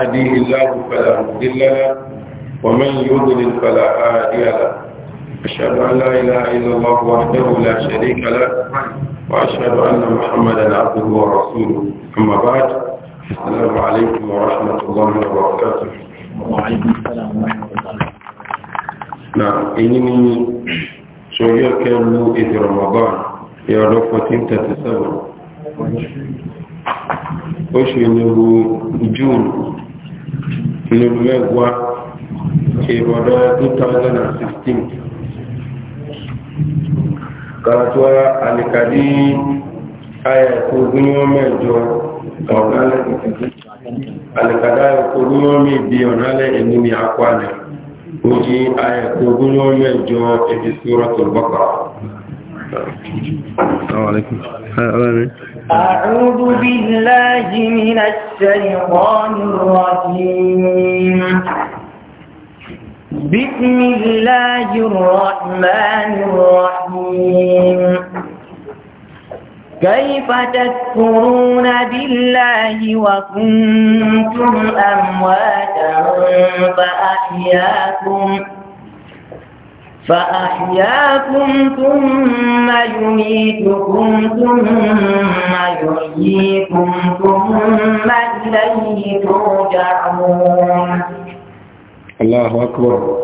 هديه الله فلا مضل له ومن يضلل فلا هادي له أشهد أن لا إله إلا الله وحده لا شريك له وأشهد أن محمدا عبده ورسوله أما بعد السلام عليكم ورحمة الله وبركاته وعليكم السلام ورحمة الله نعم إنني شوية كان له إذ رمضان يا رفة تسوى وشي له جون ìlú mẹ́wàá ìbọ̀dọ̀ 2016 kàràtúwà àlìkàdí ayẹ̀kọ́ gúnmọ́ mẹ́jọ ọ̀gálẹ̀ àlìkàdá ayẹ̀kọ́ gúnmọ́ mi bí ọ̀nálẹ̀ ẹni ni àkwàlẹ̀ ó jí ayẹ̀kọ́ gúnmọ́ mẹ́jọ ẹbí sórọ̀tọ̀ bọ́kà Assalamu alaikum. Hi, أعوذ بالله من الشيطان الرجيم بسم الله الرحمن الرحيم كيف تذكرون بالله وكنتم أمواتا فأحياكم فأحياكم ثم يميتكم ثم يحييكم ثم إليه ترجعون الله أكبر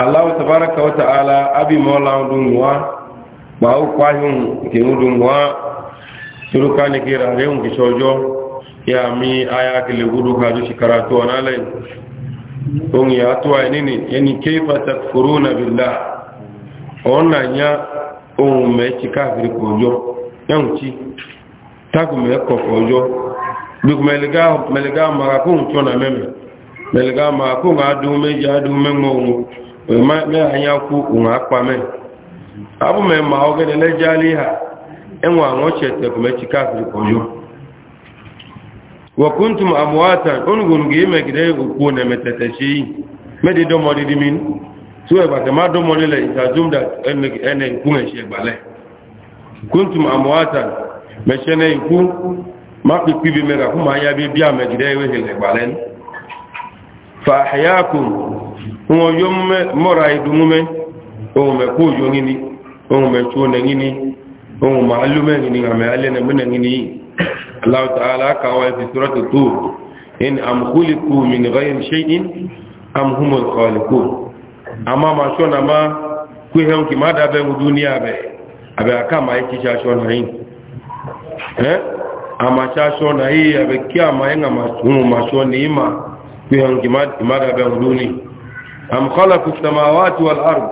الله تبارك وتعالى أبي مولا دنوا باو قاهم كينو دنوا سركان كيرا ريون كشوجو يا مي آيات اللي غدو كادو شكراتو أنا ohun ya tuwa nini yani kaifa na billah ona ya ohun me ti kafiri kojo yan ci tagu me ko kojo bi meliga meliga ma na meme meliga ma ga du me ja anya ku un apa abu kojo wakuntum amwatan onugun ge megide oku ne metete shi mede do mo didi min tu e bate ma do mo le ita jumda en en ku me she gbale kuntum amwatan me shene ku ma ku pibi mega ku ma ya bi bia megide we hele gbale fa ahyakum wo yomme ngini o ngini ga ngini الله تعالى كوا في سورة الطور إن أم خلقوا من غير شيء أم هم الخالقون أما ما شون أما كيهم هم كما دابين الدنيا بي أبي أكام أي كيشا شون هين أما شون هي أبي كي أما ينغ ما شون إما كيهم هم كما دابين الدنيا أم خلقوا السماوات والأرض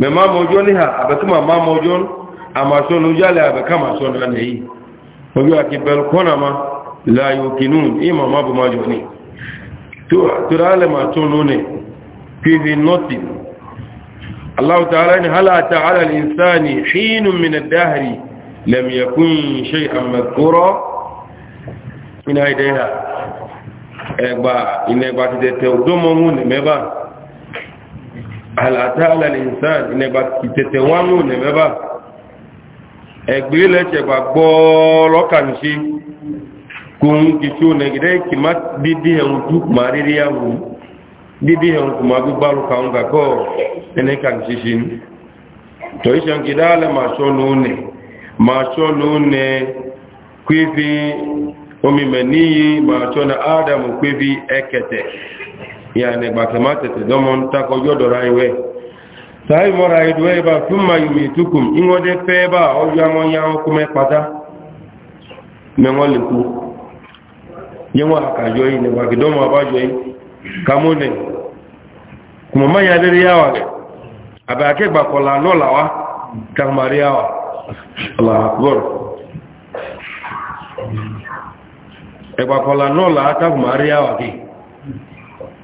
مما موجونها أبي كما ما موجون أما شون وجالي أبي كما شون هين ojú àti bẹ̀rù kọ́nà ma láyò kìnnú ìmọ̀ má bọ̀ má jọ ní tó rálẹ̀ ma tún lónìí pv nọ́tì aláwọ̀ tààrà ní hálàtà alàlì ìsáàni ṣínú mìnà dáhàrí lẹ́mìyàkún ṣe àmàkúrọ́ iná ìdẹ́hà ẹgbà inẹgbà ti tẹ̀tẹ̀ ọdọ́mọ́mú nẹ̀mẹ́bà hálàtà alàlì tẹ̀tẹ̀ wánú nẹ̀mẹ́bà ẹgbẹ́ lẹ́tẹ̀ gbà gbọ́ọ̀lọ́ kàmìṣe kòun kìtò nẹ̀gẹ́dẹ́ kì má dídí ẹ̀hùn tó kùmà rírí àwù dídí ẹ̀hùn kùmà gbígbà lùkà ń gàkọ́ ẹni ṣe ní tọ́ ìṣẹ́ kìdá alẹ́ máa ṣọ́ lóòrùn máa ṣọ́ lóòrùn kwéfì omi máa ṣọ́ ẹ̀kẹ̀tẹ̀ tẹ̀tẹ̀ dọ́mọ́ ń sai mora idwe ba kuma yumitukum ingode pe ba ojo amon ya o kuma pata me ngole ku yewa ka joyi ne ba kidomo ba joyi kamone kuma ma ya dere yawa aba ke gba kola no lawa ka maria wa allah kola no la maria wa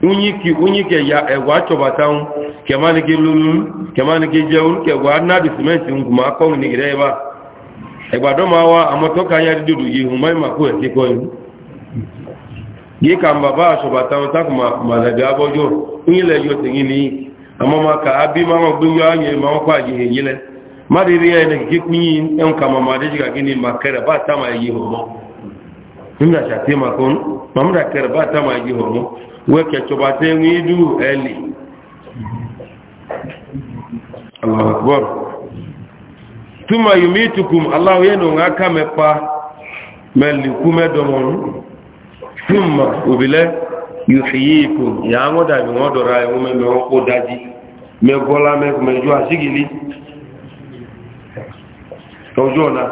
onye unyike ya egwa chobatan kemani ki lulun jeun ke gwa na di cement nguma ko ni gireba egwa do ma wa amotoka ya dudu yi humai ma ko ti ko yin ye kam baba ta ka abi ma ngo gbe ya ye ma ko na yile madiri ya ne ki kunyi gịnị kama madeji ga gini makere ba ma yi homo Nimda shatima kun, kere ba ma yi wẹ́kẹ̀ tọbàtẹ́ ẹ̀rin ìdú ẹ̀lì aláwọ̀kọ́rọ̀ túnmà yìí mí tukùm aláwọ̀yẹ́ nà ń ká mẹ́pa mẹ́lìkú mẹ́dọ̀mọ̀rún túnmà òbílẹ̀ yòfìyí ikú ìyá wọn dàbí wọn dọ̀rọ̀ ẹ̀wọ̀n mẹ́mẹ́ wọn kó dájí mẹ́gọ́lá mẹ́jọ àṣígìlì ọjọ́ ọ̀nà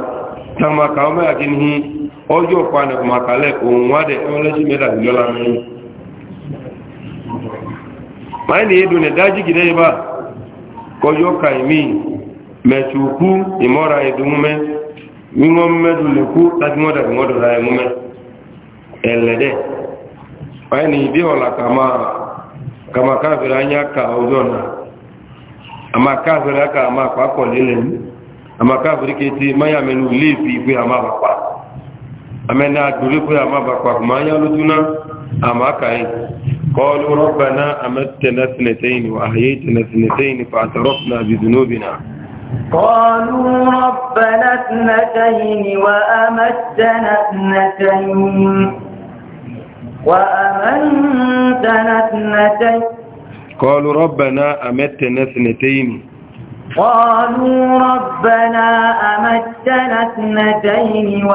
tàmàkà ọmọ àti ní ọjọ́ ọ̀pá nìkùnmàkàlẹ̀ òun ma na edu na daji gide ebe a koyo ka imi mechi ukwu imora edu mume wiwo mmedu lekwu tati moda bi moda ra emume elede ma na ibi ola kama kama kafiri anya ka ojo na ama kafiri aka ama akwa kọlile m ama kafiri keti maya menu lefi ikwe ama bakwa amena adori kwe ama bakwa kuma anya lutuna أما كاين قالوا ربنا أمتنا اثنتين وأحييتنا اثنتين فاعترفنا بذنوبنا قالوا ربنا اثنتين وأمتنا اثنتين وأمنتنا اثنتين قالوا ربنا أمتنا اثنتين قالوا ربنا أمتنا اثنتين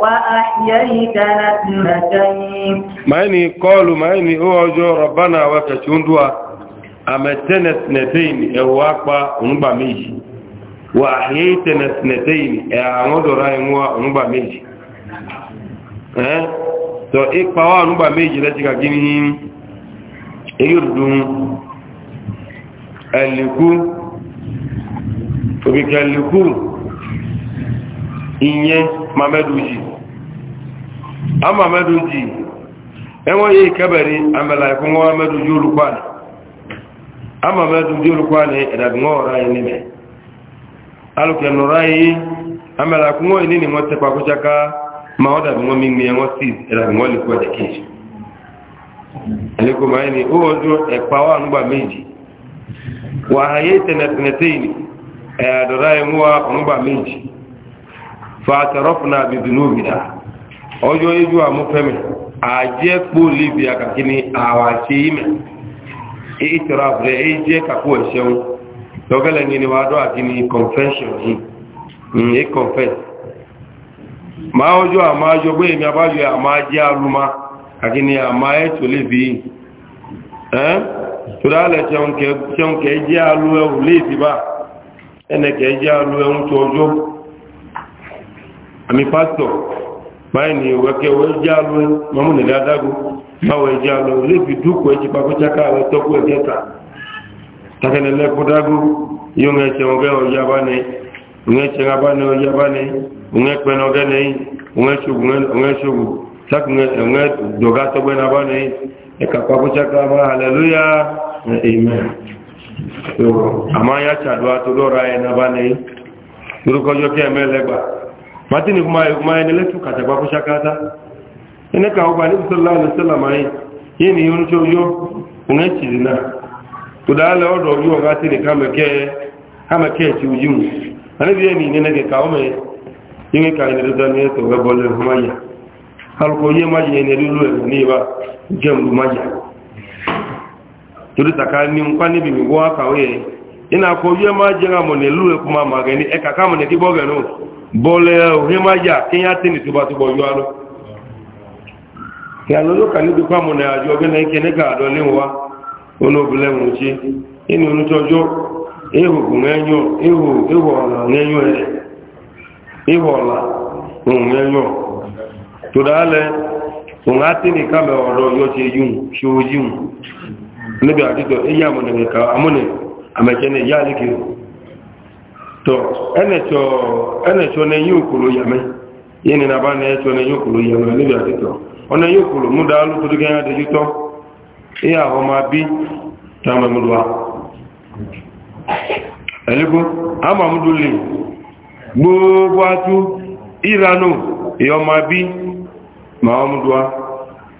وأحييتنا اثنتين ما يعني قالوا ما هو جو ربنا وكتشندوا أمتنا اثنتين أواقبا أنبا ميشي وأحييتنا اثنتين أعمد رايموا أنبا ميشي ها تو إكبا وأنبا ميشي لتكا جنهم إيردون ألكو òkèkè lùkù ìyẹn mamẹ́dùjì a mamẹ́dùjì ẹwọ́n yìí kẹbẹ̀rẹ̀ àmẹ́lá ẹ̀kún wọ́n mamẹ́dùjì olùkwáni a mamẹ́dùjì olùkwáni ẹ̀dàbìwọ́n ọ̀rá yìí nílẹ̀ alùkẹ̀nù ọ̀rá yìí àmẹ́lá ẹ̀kún wọ́n yìí ma wọ́n dàbìwọ́n mímí ẹ̀wọ́n sí ẹ̀dàbìwọ́n lè kú ẹ̀dẹ̀kejì ẹ̀lẹ́kùnmáyìí ni ó wọ́n dún wà méjì ẹ̀ẹ́dọ̀dá ẹ̀múwa ọmọba méjì fàtàrọ́fùnà bìbìnúbìdá ọjọ́ ijú àmúfẹ́mẹ̀ àjẹ́pò líbi àkàkíní àwàṣe ìmẹ̀ ìtìrà rẹ̀ ẹjẹ́ kàkó ẹ̀ṣẹ̀un lọ́gẹ́lẹ̀ ní wàádọ́ ni confession yìí confess máa ọjọ́ àmá ajọgbé èmi abájọ àmá jẹ́ alúmá àkíní àmá ẹ̀tò lébi ẹ́ tó dálẹ̀ ṣẹun kẹ́ jẹ́ alú ẹ̀ ẹnẹ̀kẹ́ yá lu ẹ̀hún tó ọjọ́ àmì pásítọ̀ báyìí ni wẹ́kẹ́ wẹ́ já lu ẹ mọ́mú nílẹ̀ adágún báwo ẹ já lu lébi dúkọ̀ ẹjì pàkójáká rẹ ẹ̀jẹ̀ ta takẹ́nẹ̀lẹ́ kódágún yóò ń ẹ̀ṣẹ̀ ọ̀gẹ́ ọ̀yá bá ní ẹ̀ṣẹ̀ ní bá ní ẹ̀pẹ́ ọ̀gẹ́ ní ẹ̀ṣogù amaya chadwa tudora ena bane uruko jote emelegba matini kumaye kumaye nele tukata kwa kushakata ene ka ubani sallallahu alaihi wasallam ai yini yoncho yo unachizina tudale odo yo ngati ni kama ke kama ke ti ujum ani bi yini nene ke kaume yini ka ni rudan ye to gabole kumaye halko ye maji ne ni lulu ni ba jemu maji torí taka ní nkwá níbi gbogbo wá kàwé yẹ iná kọ yẹ máa jẹ́ àmọ̀ ní ìlú ẹkùn máa màgẹ̀ ní ẹka káàmù ní ya gẹ̀ náà bọ́ọ̀lẹ̀ òhé máa yà kíyà tí ní tubá túbọ̀ yọ alọ́ ìyàlọ́ ló kà níbi pàmò ní àjọ ọgbẹ́ náà kẹ́ nígbà tí ní kámẹ́ ọ̀rọ̀ níbi àdíjọ èyí àmúnẹ̀ nìkan àmúnẹ̀ àmẹ́jẹ́nẹ̀ yá ní kìí tọ ẹnẹ̀ṣọ́ ní yíò kòrò yàmẹ́ ni nàbá ní ní yíò kòrò yàmẹ́ níbi àdíjọ ọ̀nà yíò kòrò mú dáálù tó dúkẹ́ yá dojú ama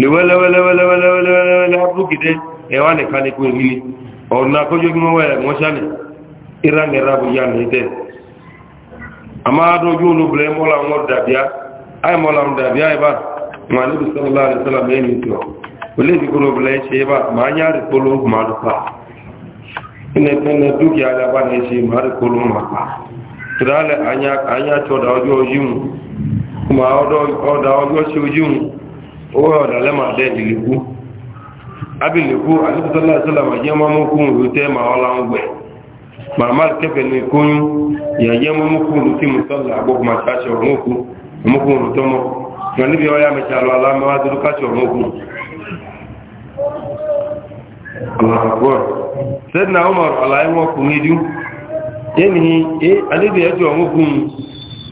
lewelewelewelewelewele abúkìdé ẹwà nìkan ní kò rí ọ̀nà kójú kí wọ́n wẹ̀ wọ́n ṣáni ìran ní rábù yá ní tẹ́ a máa dójú olóbìnrin mọ́lá wọn dàbíá àì mọ́lá wọn dàbíá ìbá ma níbi sọ́lá rẹ̀ sọ́lá mẹ́rin tí ọ olè ti kó olóbìnrin ṣe ìbá ma ń yára ìpolówó ma ló pa ilẹ̀ tẹ́lẹ̀ dúkìá alábá ní ṣe ma rí polówó ma pa tìrálẹ̀ àyà tọ́da ọjọ́ owó ọ̀dàlẹ́ máa dẹ́ ìlẹ̀kú abìlẹ̀kú àdúgbòsọ́lá ìsọ́làmà jẹ́ mọ́mọ́kún ìlú tẹ́ máa ọlá ń gbẹ̀ màmá kẹfẹ́ ní kóyún ìyà jẹ́ mọ́mọ́kún ìlú tí mùsọ́lá àgbọ̀kùnmá ṣáṣẹ ọ̀mọ́kú ọmọkún ìlú tọ́mọ́ wọn níbi ọyá mi ṣàlọ́ alámọ́wá dúdú káṣẹ ọ̀mọ́kún sẹ́dínà ọmọ àlàyé wọn kù nídú yẹ́nìí alébìyàjọ ọmọkún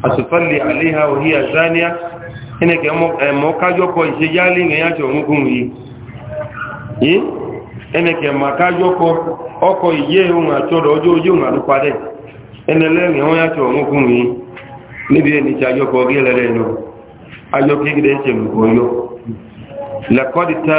àṣùfàlẹ̀ àléhà òhíyà záníà ẹnẹkẹ ẹmọ kájọpọ ìṣẹjálẹ ìyẹn ya ọmọkùnrin yìí yìí ẹnẹkẹ ẹmọ kájọpọ ọkọ ìyẹ ohun àtọdọ ọjọ ojú ohun àlùpadẹ ẹnẹlẹrìn ẹwọn àti ọmọkùnrin tí àjọpọ ń ṣèlú ọyọ lẹkọdì tá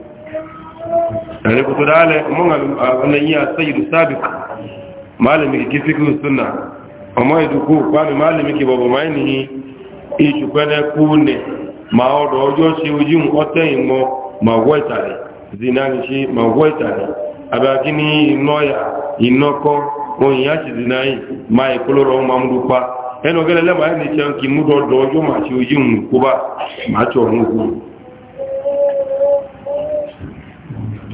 ɗari kutu da ala mun wannan yi a sayidu sabik malami ki fikin suna amma ya duku kwami malami ki babu mai ni ishi kwane kune ma ọdọ ọjọ́ ṣe ojú ọtẹ́ ìmọ̀ ma wọ́ ìtàrí zina ni ṣe ma wọ́ ìtàrí abẹ́kí ní ìnáyà ìnákọ́ oyin ya ṣe zina yìí ma ìkólóró ọmọ amúdú pa ẹnu ọgẹ́lẹ́lẹ́mà ẹni ṣe ń kí mú dọ́dọ̀ ọjọ́ ma ṣe ojú kó bá ma ṣe ọ̀hún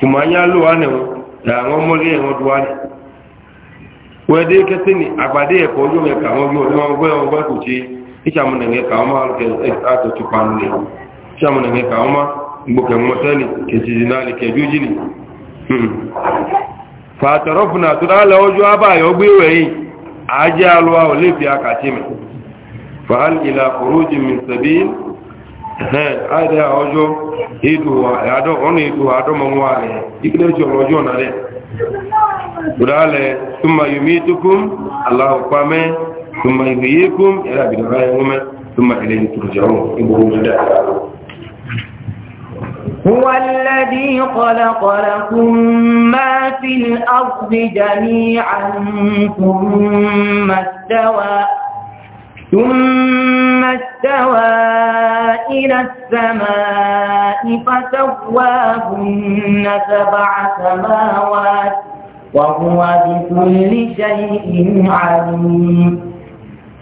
kuma anya lụ ane na aṅụ mmụli enwe duwale wee dị ni agbade ya ka oyo ka ọ yo nwa ogwe ogwe kuchi icha mu nenge ka ọma ke eh, ato tupanle icha mu nenge ka ọma mgboke mmoteli ni aka ila min sabil aida ọjọ́ ọ̀nà ìdò àdọ́mọ̀wọ́ rẹ̀ ìgbẹ́jọ ọjọ́ ọ̀nà rẹ̀ gbùdálẹ̀ túnmà yomi tukún aláhùpamẹ́ túnmà ìgbìyàkún ẹ̀rà bìdàrà ẹ̀wọ́mẹ́ túnmà ilẹ̀ ìtùrùjọ́rùn ìgbòhùn هو الذي خلق لكم ما في الأرض جميعا ثم استوى ثم استوى إلى السماء فسواهن سبع سماوات وهو بكل شيء عليم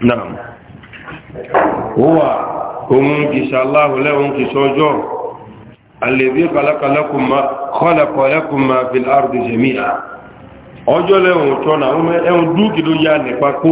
نعم هو هم إن شاء الله لهم كسوجور الذي خلق لكم ما خلق لكم ما في الأرض جميعا ọjọ́ lẹ́wọ̀n tọ́nà ẹ̀wọ̀n dúkìdó yá nípa kó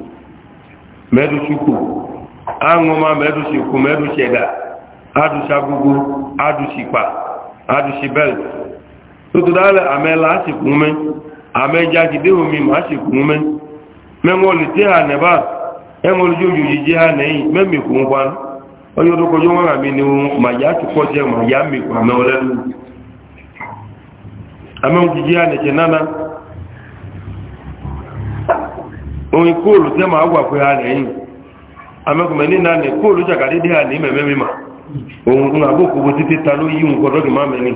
mẹ́dùsùkù aŋọ́má mẹ́dùsùkù mẹ́dùsẹ̀dà adùsàgógó adùsìpà adùsìbẹ̀l tuntun dáálẹ̀ àmẹ́lá àsìkú mẹ́ àmẹ́jágidé omi mà àsìkú mẹ́ a lè tẹ́ ànẹ́bà ẹ̀wọ́n lójú òjòjì jẹ́ a mẹ́mìkú ń pan ọjọ́ tó na wọn àmì ni wọn màyà ti kọ́ jẹ́ màyà mìkú àmẹ́wọ́lẹ́lú àmẹ́wọ́n ti jẹ́ ànẹ́jẹ̀ náà onye koolu tẹ ma gwakwe ha n'enyi amekume ni na ne koolu jakade de ha ime meme ma ohun nga bo kubo ta yiwu nkodo gi ma meni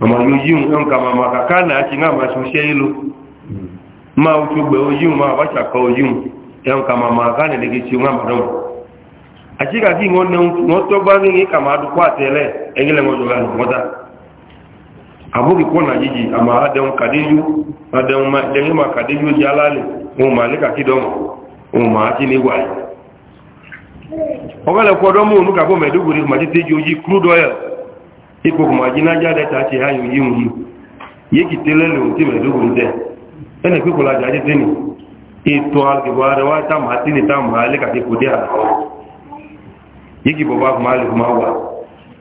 ama yiwu nka ma maka ka na achi nga ma su se ilu ma utu gbe o yiwu ma abacha o yiwu ka ka abugi kona yiji ama adam kadiju adam ma dengma kadiju jalale mo malika kidomo mo ma ti ni wai ogale ko do mu nuka ko meduguri ma ti teji oji crude oil iko ko majina jade ta yiki telele o ti meduguri de ene ko la jade teni eto alge ware yiki boba ma le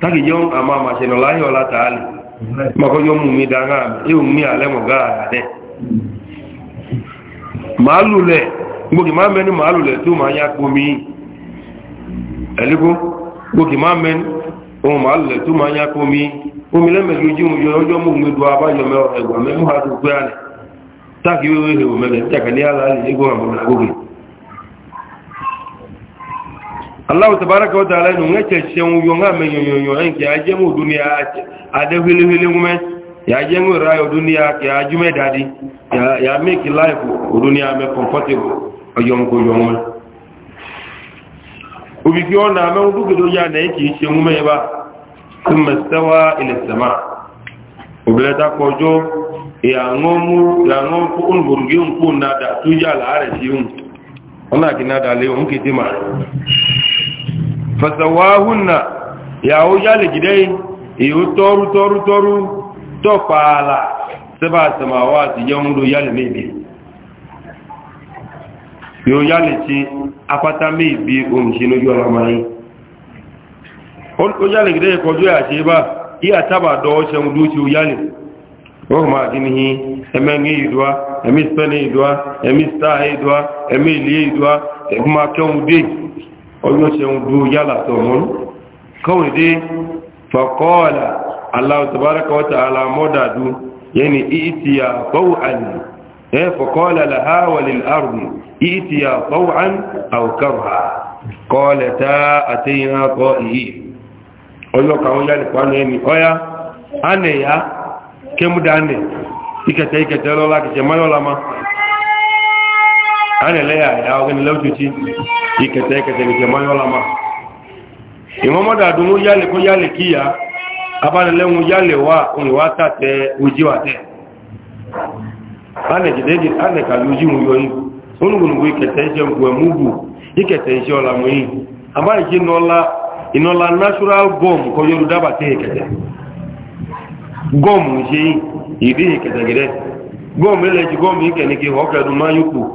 Takị jɔn a ma e ma sɛnɛ la yɔ la taa li mako jɔn mu mi da ŋa e ŋun mi ale mɔ gaa ya dɛ maalu lɛ ma maa mɛ ni maalu lɛ tu maa ya ko mi ɛliko gbogi maa mɛ ma o maalu lɛ tu maa ya ko mi omi lɛ ji mu mi do a ba yɔ mɛ mɛ mu ha taki ka ma mo na Allah tabaraka wa ta'ala nu ngake chen yo nga me yo yo en ki aje mu dunia aje ade hili hili ya aje mu rayo dunia ki ajume dadi ya, ya make life dunia me comfortable oyo ngo yo ọ me udu gido ya na ki chen ngume ba ila sama ya ngomu ya ngomu unburgi ya la are un ona le un fasawahunna yawo yale gidai iyo toru toru toru to pala saba samawati yawmudu yale mebi yo yale ti apata mebi o mshino yo lamai on o yale gidai ko jo ya ba iya taba do se mudu ti o yale o ma kinihi emengi idwa emi spene idwa emi star idwa emi ili idwa e kuma ọjọ́ ṣe ń dúó yálà tó mún kawai dai faƙọ́ọ̀lá aláwọ̀ tabaraka wata alamọ́dàdú yẹni ìtìyà fọ́wọ́n ẹ faƙọ́ọ̀lá lahawalil arùn ìtìyà fọ́wọ́n àwọ̀kọ́rọ̀ kọ́ọ̀lẹ̀ta àtẹ́yìnà kọ́ ìyí ọjọ́ kàwọn yálì pàánù ẹni ọya ánẹ̀ ya kẹmúdánẹ̀ ìkẹtẹ̀ ana leya da wani lautuci ikata ikata ke mayola ma imamu da dumu yale ko yale kiya abana lenwu yale wa oni wa ta te uji wa te ana jide ji ka uji mu yoyi sunu gunu bu ikata ise ngwe mubu ikata ise ola mu yi ama ije nola inola natural gum ko yoru daba te ikata gum je idi ikata gide gum ele ji gum ikene ke hoka mayuku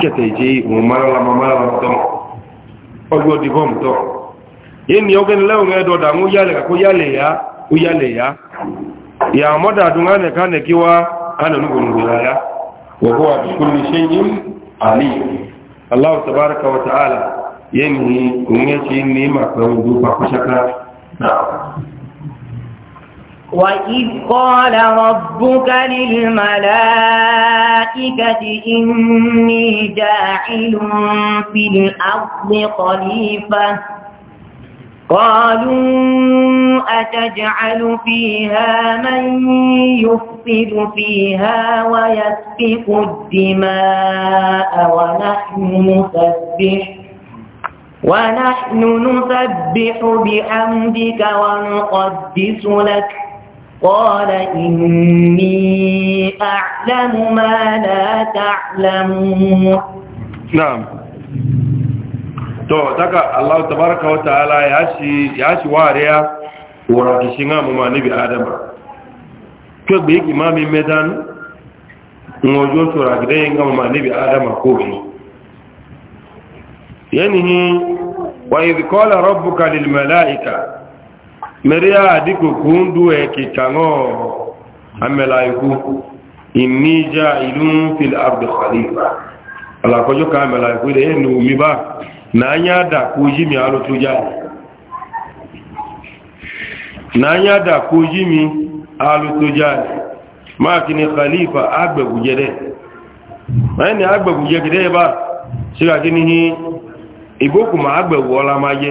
kẹtẹ ìjẹ òun márànlámà márànlámà tọ́ ọgbọ́ di bọ́m tọ́ yìí ni ọgbẹ́ni lẹ́wọ̀n ẹ̀dọ̀dà ń yálẹ̀ kó yálẹ̀ yá ó yálẹ̀ yá ìyà àmọ́dà àdúgbò ánẹ̀ká nẹ̀kí wá ánàlúgbòǹgbò yá wọ̀bọ̀ àdúgbòlù iṣẹ́ yìí àlè aláwọ̀ tabaraka wa ta'ala yìí ni òun yẹ́ ṣe ní ìmọ̀ pẹ̀lú gbogbo àkọ́ṣáká náà وإذ قال ربك للملائكة إني جاعل في الأرض خليفة قالوا أتجعل فيها من يفسد فيها ويسفك الدماء ونحن نسبح ونحن نسبح بحمدك ونقدس لك قال إني أعلم ما لا تعلمون نعم to daga Allah tabaraka wa ta'ala ya shi ya shi wariya wara kishinga mu manabi adama ke bi imami medan ngojo to ragde nga mu manabi adama ko bi yani wa idh qala rabbuka lil malaika mẹ́rìá àdíkòkò ń dú ẹ kìkà náà amẹ́la ikú ìníjà ìlú ń fi àbùdùkàlì alàkọjọ́ ka e amẹ́la ikwu dị ẹnu omi bá na yá dàkú yí mi àrò ni khalifa agbẹ̀gùjẹ́ dẹ̀ máa ní agbẹ̀gùjẹ́ gẹ́gẹ́ bá ṣíra kí ni ìgbókùnmọ̀ agbẹ̀wọ̀ ọlá ma je.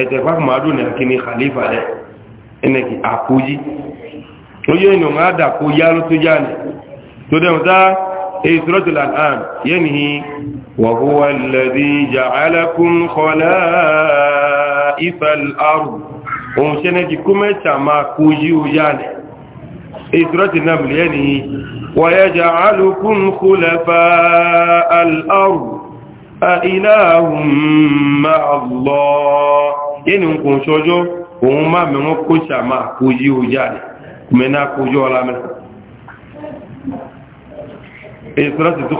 ẹ̀tẹ̀fà màádùn ní àkíní khalifa rẹ̀ ẹnẹ̀kì àkójí tó yẹ́ ìnà ọ̀nà àdàkó yá ló tó já nì tó dẹ̀wọ̀n tá èyí sọ́rọ̀tì làn yẹ́ nìyí wàhúwà lẹ́dí ìjà alákùn kọlá ìfẹ̀l àrùn òun ṣẹ́nẹ́kì kúmẹ́ta máa kójí ó já nì èyí sọ́rọ̀tì náà yẹ́ nìyí wàyẹ́jà alùkùn kúlẹ̀fà àlárùn أإله مع yẹni ń kún sọjọ́ òun má mẹ́wọ́n kó sàmà kojú ojá rẹ̀ mẹ́ná kojú ọlá mẹ́ èyí sọ́rọ́ ti ni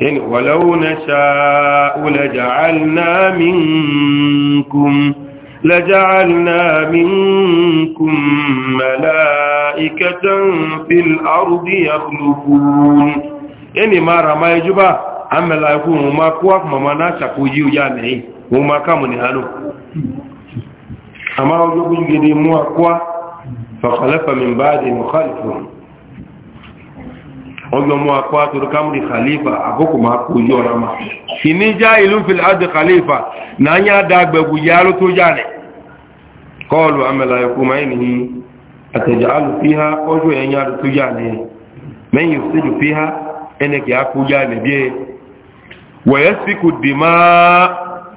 yẹni wàlẹ́wò na ṣàúlẹ̀jà alìnàmínkùn لجعلنا منكم ملائكة في الأرض يخلفون يعني ما رمى يجبا أما لا يكون ما كواك ما wọn máa kàmù ní hálò àmá ológun gidi mú akwá fàkàlẹ́fà mi bá dì mú khalifu ọjọ́ mú akwá tó rí kàmù ní khalifa àkókò máa kó yọ ọ̀rá máa fi ní já ìlú fìlà àdì khalifa náà yá dàgbẹ̀gbù yàrá tó já nì kọlu amẹ́lá ẹkù máa ní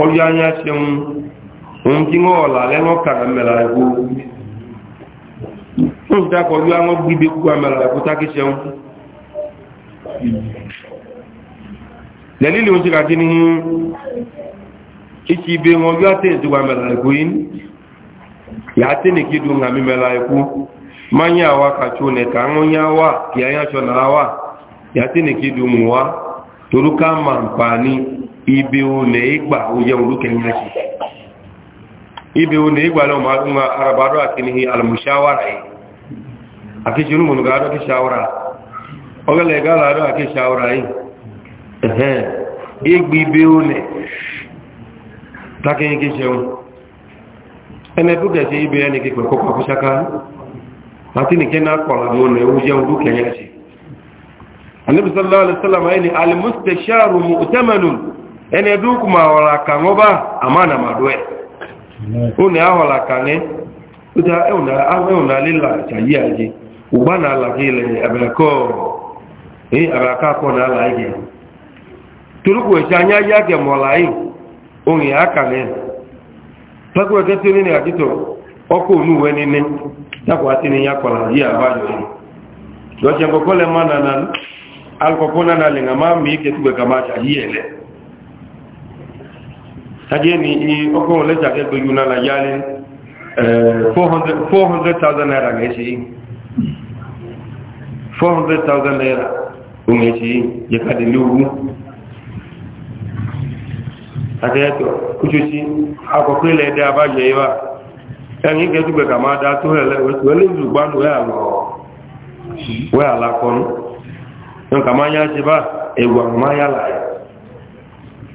ọjọ́ anyá ṣeun òun tí wọ́n ọ̀là lẹ́wọ́n kàrà mẹ́la ẹ̀kú ń dákọ̀ yóò àwọn gbígbé kú àmẹ́la ẹ̀kú tákì ṣeun lẹ́lílì oúnjẹ kàkí ní kíkí ibe wọn yóò àtẹ́ ìdíwà mẹ́la ẹ̀kú yìí yà á tẹ́lẹ̀ kí dùn àmì mẹ́la ẹ̀kú máa ń yà wá kàtó nẹ̀ka ń yà wá kì á yà ṣọ̀nà wá yà á tẹ́lẹ̀ kí dùn wá torúkà máa ń pa ní ibi olè ìgbà oyẹ olókẹ̀yìn ẹ̀ṣì ibi olè ìgbà lọ máa ń arabaró àti ní alàmùsáwàrà yìí àkíṣẹ́ olùmọ̀lùgbà àdọ́ kí ga ọgẹ́lẹ̀ ìgbàlá àdọ́ àkí sáwàrà yìí ẹ̀hẹ́n igbì ibi olè tákẹ́yìn kí ṣeun ẹnẹ dúkẹ̀ sí ibi ẹni kíkọ̀ kọ́kọ́ fún ṣáká àti nìkẹ́ náà kọ̀ọ̀lọ́ olè oyẹ olókẹ̀yìn ẹ̀ṣì ene duku ma hola kangoba amana madwe une ahola kane uta euna auna lila chaji aje ubana la kile abelako eh abelaka ko na la ige turuku echanya yake molai ungi akane pakwa ketini ni akito oko nuwe nini takwa tini yakola ji abajo lọ́jẹ́ kọ́kọ́ lẹ́mọ́ nànà alkọ̀kọ́ nànà lè ń máa mìí kẹtùgbẹ̀ kàmáṣà yìí ẹ̀lẹ́ aje ni e oko le jage go 400,000 la yale e 400000 naira ngeshi 400000 naira ngeshi ye kadi lugu aje to kujuji akokele de abaje iwa ẹni gẹ́gbẹ́ kà máa tó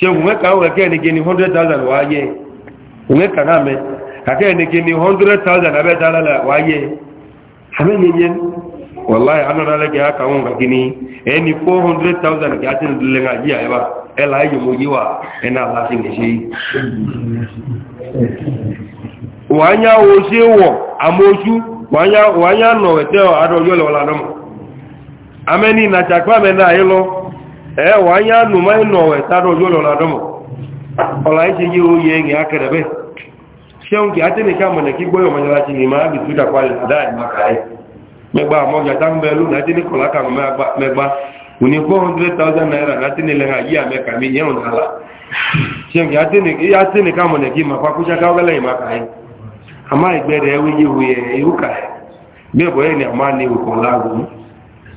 ṣe òun mẹ́ka òun ẹ̀kẹ́ ẹnìkẹ́ ni 100,000 wáyé òun mẹ́ka náà mẹ́ kàkẹ́ ẹnìkẹ́ ni 100,000 abẹ́dára wáyé amẹ́yẹyẹ wọláyé anọ́rọ̀lẹ́gẹ́ akáwọn kàkí ni ẹni 400,000 kí á ti ń dúlẹ̀ ní àjíyà ẹwà ẹlà ayòmó yíwà ẹnà aláṣẹ ìgbẹ̀ṣẹ́ yìí wàányá oṣé wọ̀ àmóṣú wàányá nọ̀ ẹ̀tẹ́ àdọ́jọ́ lọ́wọ́lá náà amẹ́ni ìnàjàkọ́ àmẹ́ná ayé lọ ẹ̀wà anya nùmá ẹnu ọ̀wẹ̀ tàbí ojú ọ̀nà àdọ́mọ̀ ọ̀là ìṣẹ́ yí oye ẹ̀yìn akẹrẹ̀bẹ̀ ṣeun kí atẹ́nìkà mọ̀nẹ̀kí gbọ́yọ̀ a ni máa bì túdà pàlẹ̀ àdáàdì máa kàáyẹ̀ mẹgbà àmọ́jà táńbẹ̀ lónà atẹ́nìkọ̀lá kàmọ́ mẹgbà òní 400,000 naira látínilẹ̀ àyí àmẹ́kà mi yẹ́ òun àlà ṣeun kí atẹ́nìkà mọ̀nẹ̀kí máa fakúṣá káwọ́lẹ̀ ìmáa kàáyẹ̀ àmá ìgbẹ̀rẹ̀ ẹwé yíwu ẹ̀ ìhúkà ẹ̀ bí ẹ̀bọ̀ yẹ́ ni àmá ni òkànlá agbóhùn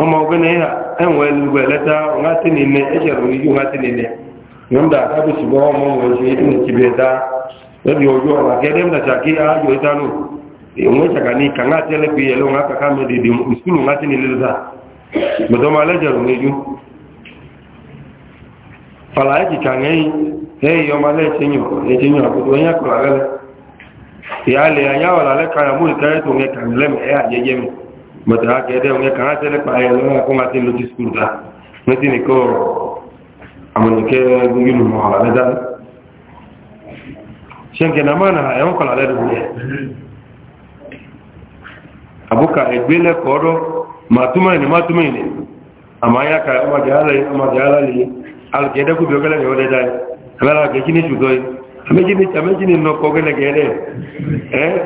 ọmọ ọgbẹ́ni ẹ̀yà ẹ̀wọ̀n ẹlùgbò ẹ̀lẹ́ta ọ̀gátí nìyẹn ẹ̀ṣẹ̀rọ̀ oníjú ọ̀gátí nìyẹn yọ̀ǹda kábíyèsí ọmọ wọn ṣe ẹ̀mí ti bẹ̀ẹ̀ dá lẹ́bi ọjọ́ ọ̀la kẹ́lẹ́ mẹ́ta kí ayò na ìwọ̀n ìṣàkà ní kàńgá ọmọ alẹ́ṣẹ́yìn mọ̀tẹ̀ àti ẹ̀dẹ́ òun ẹ̀kàn láti ẹlẹ́pàá ẹ̀ lọ́wọ́ kó máa ti lọ sí skul ta wọ́n ti nìkọ́ àmọ̀nìkẹ́ gbogbo mọ̀ àlẹ́dá ṣẹ́ǹkẹ̀ náà máa nà ẹ̀wọ̀n kọ̀ lálẹ́ lórí ẹ̀ àbúkà ẹgbẹ́ lẹ́kọ̀ọ́ rọ màá túmọ̀ ìní máa túmọ̀ ìní àmọ́ ayá ka ọmọdé alẹ́ alùkẹ́dẹ́kù bí ọgẹ́lẹ́ yọ̀ dẹ́dá ẹ̀ abẹ́lẹ́ àgbẹ̀kí ní ṣùgbọ́ ẹ̀ àmẹ́jì ní nọkọ̀ ọgẹ́lẹ́gẹ́dẹ́ ẹ̀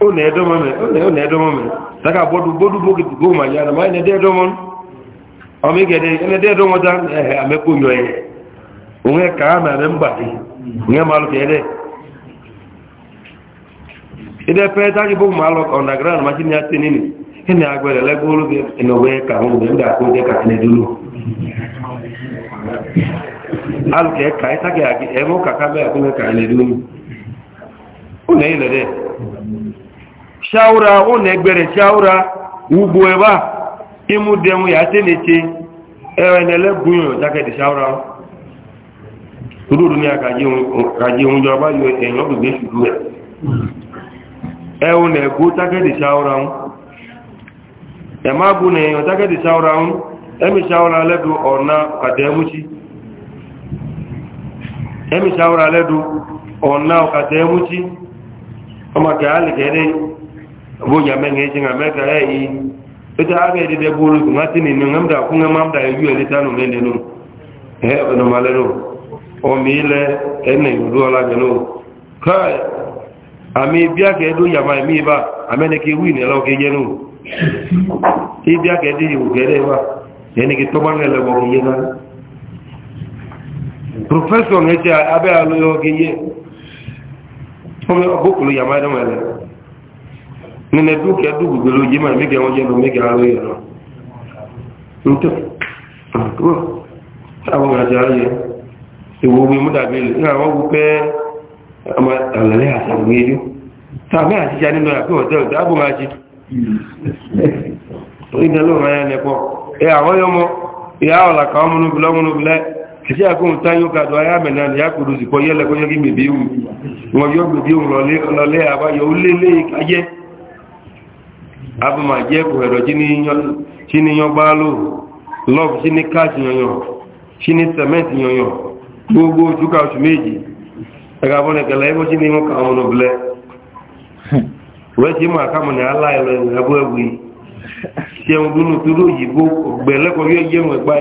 ó nà taka bodu bodu bogi go ma yana ma ne de do mon o mi gede ne de do mon dan eh ame ko e o nge ka ma mba nge ma ke de ide pe ta ma ya ni ene agbere le bi we ka ho be nda ko de ka ne dulu ke ka ta ke agi e mo ka ka be ko ne ka ne dulu o ne ile de shaura na egbere shaura ugbo ebe a ya te na-eche ewenele bunyo jaketi shaura ruru ni akaji onye ọba yo enyo gbogbo ṣudu ẹ ẹwùn ẹgbó shaura bu na enyo jaketi shaura ń shaura lẹ́dù ọ̀nà shaura ọmọ kẹ́ bonya menge ya meka ei eh, ita age de de bulu ku ngati ni ngamda ku ngamda yu ele tanu mende no he no male o ene ala gelo ka ami bia ke edo ya mai mi ba amene ki wi ne lo ke jenu ti ba ki professor ne abe alu ke ya mai nínú ẹdún kẹdù gbogbo ló yé máa mẹ́gẹ̀ wọ́n jẹ́nu mẹ́gẹ̀ arọ yẹ̀ lọ nítọ́ àgbọ́ àwọn ìrìnàjò ayẹ ìwò ogun múdàbílì ní àwọn ogun pẹ́ àlẹ́lẹ́ àtàgbé ilé tàbí àṣíṣà nínú àpé ọ̀tẹ́ ọ̀tẹ́ àbò máa jí ìdẹ́lò ráyà nẹ́pọ̀ ẹ àwọn yọmọ ìyá ọ̀là kan múnúbìlẹ́ múnúbìlẹ́ kìí àkóhùn táyọ́ kàdọ̀ ayámẹ̀nà ni a kò lò sí pọ̀ yẹ́lẹ́kọ́ yẹ́ kí mèbí òun wọ́n yọ́ gbèbí òun lọlé àbáyọ̀ ó lé lé ayẹ́ abu ma jẹ́ kòhẹ̀rọ tí ni yan gbáàlò lọ́pù tí ní káàkì yanyan tí ní sẹ̀mẹ́ntì yanyan gbogbo ojúkà oṣù méjì ẹgbàbọ́n ẹgbẹ̀lẹ̀ ẹgbẹ́ tí ni wọ́n kàwọn ọmọ bilẹ̀ wọ́n ti mọ̀ àkàmọ̀ ní aláìlọ ìrìnàbọ̀ ẹ̀wì tí ẹ̀wọ̀n dúnú dúró òyìnbó gbẹ̀lẹ́kọ̀ọ́ yóò yé wọn ẹgbà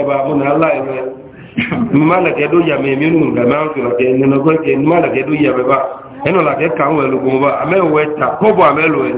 ìbá mi ya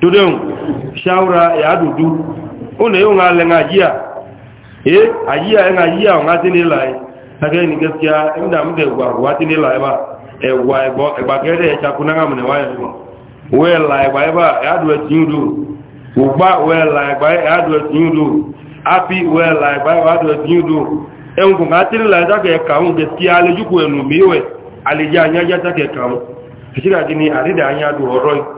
dodon shawara ya dudu une yau ngale ngajiya eh ajiya e, ngajiya ngati e. ni lai kage ni gaskiya inda mu da gwa wati ni lai ba e wa e bo e ba gere e ta kunanga mu ne wa yo we lai ba ba ya du tiudu ugba we lai ba ya du tiudu api we lai ba ya du tiudu e ngu ngati ni lai da ka un gaskiya le juku enu miwe alijaanya ja ta ke ka un kishira gini arida anya du horoi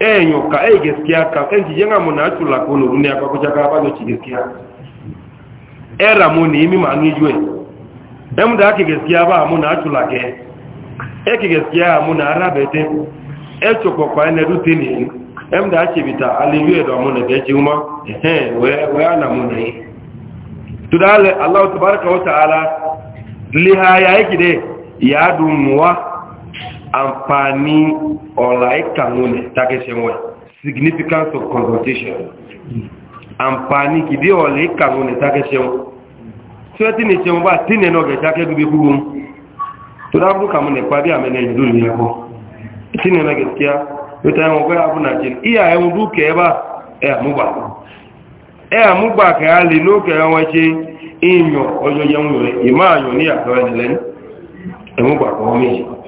enyo ka ei gaskiya ka enki yenga mu na tula ko no ne ka kuja ka ba do ci gaskiya era mu ni mi ma ngi juwe e dem da ki gaskiya ba mu na tula ke e ki gaskiya mu na rabete e to ko kwa ne rute ni em da ci do mu ne be ci uma eh we we ana mu ne to dale allah tabaaraka wa ta'ala liha ya yake ya dumuwa amfani ọ̀rọ̀ ìkàwọn tàkẹsẹ̀wọ̀n significance of consultation àǹfààní kìdí ọ̀rọ̀ ìkàwọn tí ó tí ní ṣe bá tí jákẹ́ gbogbo tó dábùn nípa bí ìlú ẹ̀kọ́ tí ló ta ẹwọn gbẹ́yà fún nàìjíríà ìyà ẹwọn dúkẹ́ bá ẹ àmúgbà ẹ lè lókè wọn ṣe ìyàn ọjọ́ rẹ̀ ìmáàyàn ní àtọ́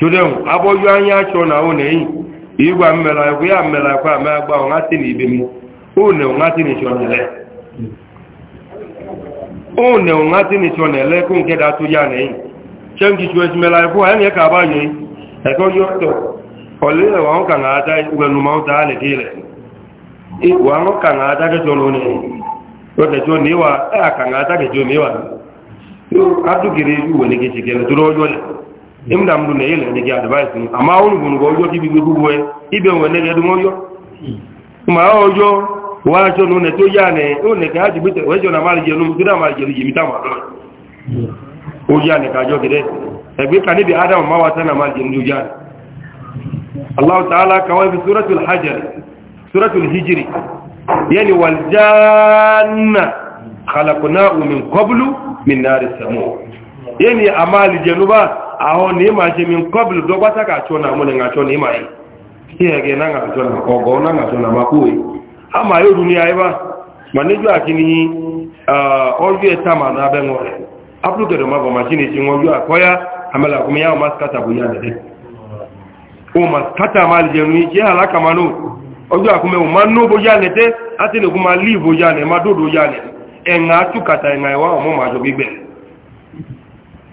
tụdem abọju anya achọ na oneyi igwa mmela ekwe ya mmela ekwe ama agba ọngatị na ibe m one ọngatị na ịchọ na-ele one na ịchọ na-ele kụ nke datụ ya na eyi che nki chụọ esimela ekwe ha ka aba eke onye ọtọ wa na ada ụta alị na ada gị na ịwa na ada gị na ịwa na tụrụ ọjọọ imda mdu ne yele ni gya advice ni ama wonu bunu go yo tibi gugu we ibe won ne gedu moyo ma ojo wa cho nu ne to ya ne o ne ka ji bite we jo na mari je nu mu da mari je ji mi ta ma do o ya ka jo gede e bi ka ni bi adam ma wa tana mari je nu Allah ta'ala ka wa bi suratul hajar suratul hijri yani wal janna khalaqnahu min qablu min nari samu yani amali januba àwọn ní ma ṣe mi kọ́bìlì dọ́gbátá kà tọ́ na mọ́ni ǹgà tọ́ ní ma yìí kí ẹ̀gẹ́ náà tọ́ na ọgọ́ náà tọ́ na makó yìí a ma yóò dún ní ayé bá ma níjọ́ àti ní ọjọ́ ẹ̀ta ma náà bẹ́ wọn rẹ̀ apúlùkẹ̀dọ̀ ma bọ̀ ma ṣe ní ti wọn yóò àkọ́yá àmàlà kọ́mi yá ma skata bóyá nìyẹn o ma skata ma lè ọmọ màjọ gbígbẹ̀rẹ̀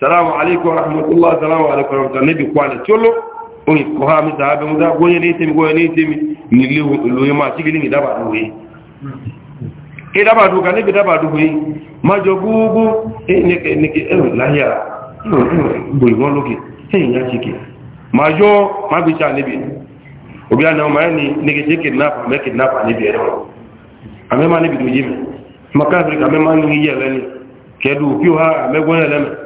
salamu alaikum rahmatullah salamu alaikum rahmatullah nabi kwale cholo oyi ko ha mi da be mu da goye ni temi goye ni temi ni lewu lo ma chigili ni daba duwe e daba du ka nabi daba duwe ma jo gugu e ne ke ne ke e la ya bo iwo loke e ya e, e, e, chiki ma jo ma bi cha nabi obi ana ma ni ne ke chiki na pa me kidnap ani bi ero ame ma nabi du yimi ma ka me ma ni yele ni kedu ki ha me goye leme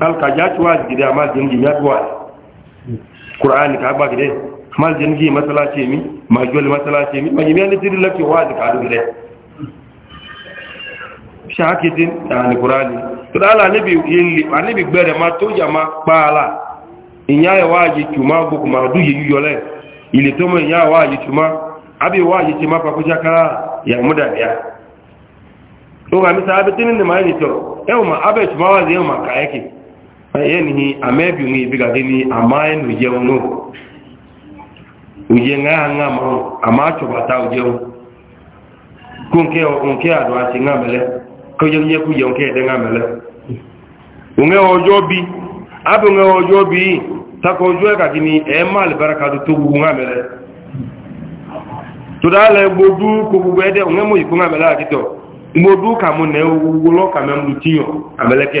alka ja tuwa gidi a mazin gi ya tuwa ƙura'ani ka ba gidi mazin gi matsala ce mi majiyar matsala ce mi majiyar yana tiri lafi wa da kadu gidi shakitin da ni ƙura'ani to da ala nabi yin li a nabi gbere ma to ya ma kpala in ya yi wa ji tuma bu kuma du yi yiyole ile to mai ya wa ji tuma abi wa ji tuma fa kuja kara ya muda ya to ga misa abitinin da ma yi to yau e ma abai tuma wa zai yau ma ka yake yanihi amebi ni ibiga gini amaye no yewu no uje nga nga ma amacho bata ujewu kunke onke ado ati nga mele ko je nye ku je onke de nga mele unge ojo bi abu nge ojo bi ta ko ojo ka gini e mal baraka nga mele to dale bodu ko unge mo mele akito ka mo ne ugulo ka tiyo amele ke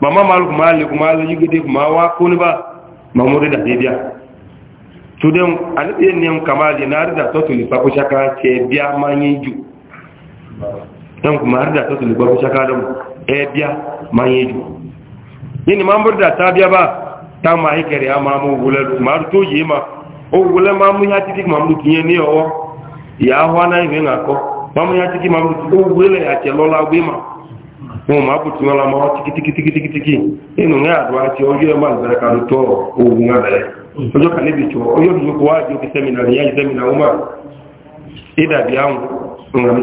mama malu kuma yigide kuma wa ni ba mamudu da biya to dem alibe ne kama le na to tuli fa ko shaka ce biya manyi ju dan kuma rida to tuli ba ko shaka dum e biya manyi ju yini mamur da ta biya ba ta ma hikari ama mu ma to yi ma o ma mu ya tiki ma mu ni o ya hwana ngako ma mu ya ma mu ya ce lola gbe ma wọn máa bùtù wọn la máa wá tikitikitikitikiti inú ní àdúrà tí ọjọ́ ẹ̀ máa ń bẹ̀rẹ̀ kan tọ́ ogun abẹ́rẹ́ ọjọ́ kan níbi tó ọjọ́ ìlú kó wájú kí sẹ́mìnà ní yáyí sẹ́mìnà wọn máa ìdàbí àwọn ọmọ mi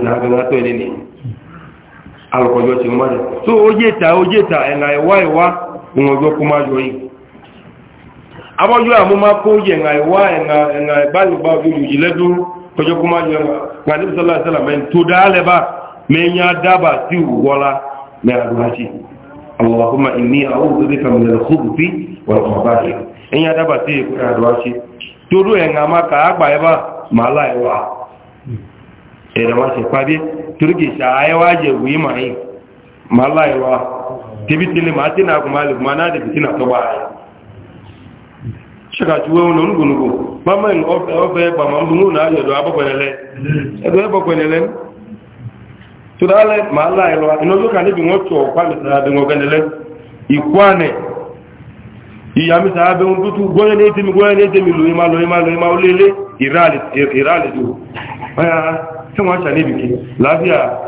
tí máa tó ojé ta ojé ta wọn kó máa yọ yìí kó yẹ mẹ́rànlọ́hájì allahumma inni a'udhu bika min al-khubuthi wal khaba'ith ẹ̀yin adaba tí èkó mẹ́rànlọ́hájì toru ẹ̀ ń àmà ká àgbà ẹ̀ bá màá láì wá ẹ̀rẹ̀ wá ṣe pàdé torí kì í ṣe àyẹ̀wò àjẹ̀ wí mà yìí màá láì wá débi tí lè máa tí náà kùmà lè kùmà náà débi tí náà tọ́ba rẹ̀ ṣíkàtí wẹ́wọ́n náà nùgbònùgbò bá mẹ́rin ọ̀fẹ́ bàmà ń bú tudale mala elo inozo kan bi won to kwa mi na eh, bi ikwane iya mi sa be dutu goye ne timi goye ne timi lu ima olele du aya tun wa chale bi ki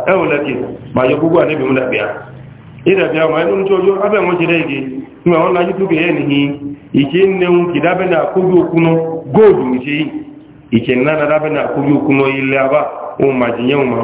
e o lati ma yo gugu ani bi ida ma abe ke ni hi ne un kidabe na kuju kuno godu mi na na dabe na ile aba o ma jinye o ma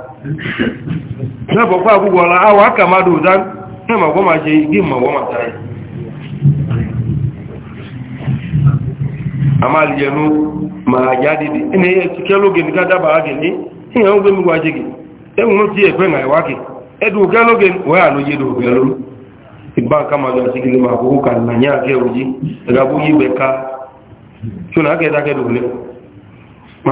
n'afọkwa agbụgbọla awa aka mmadụ ụda na ma gwọma je gị ma gwọma tara ya amalijenu ma ya dịdị ị na-enye etikelu oge gị e nị ihe oge mmegwa je gị enwere otu ekwe na ịwa gị edu gị wee dị ogelo igba jọ sigili na nye aka ga-abụ yi igbe ka chụ na aka edakedo ole ma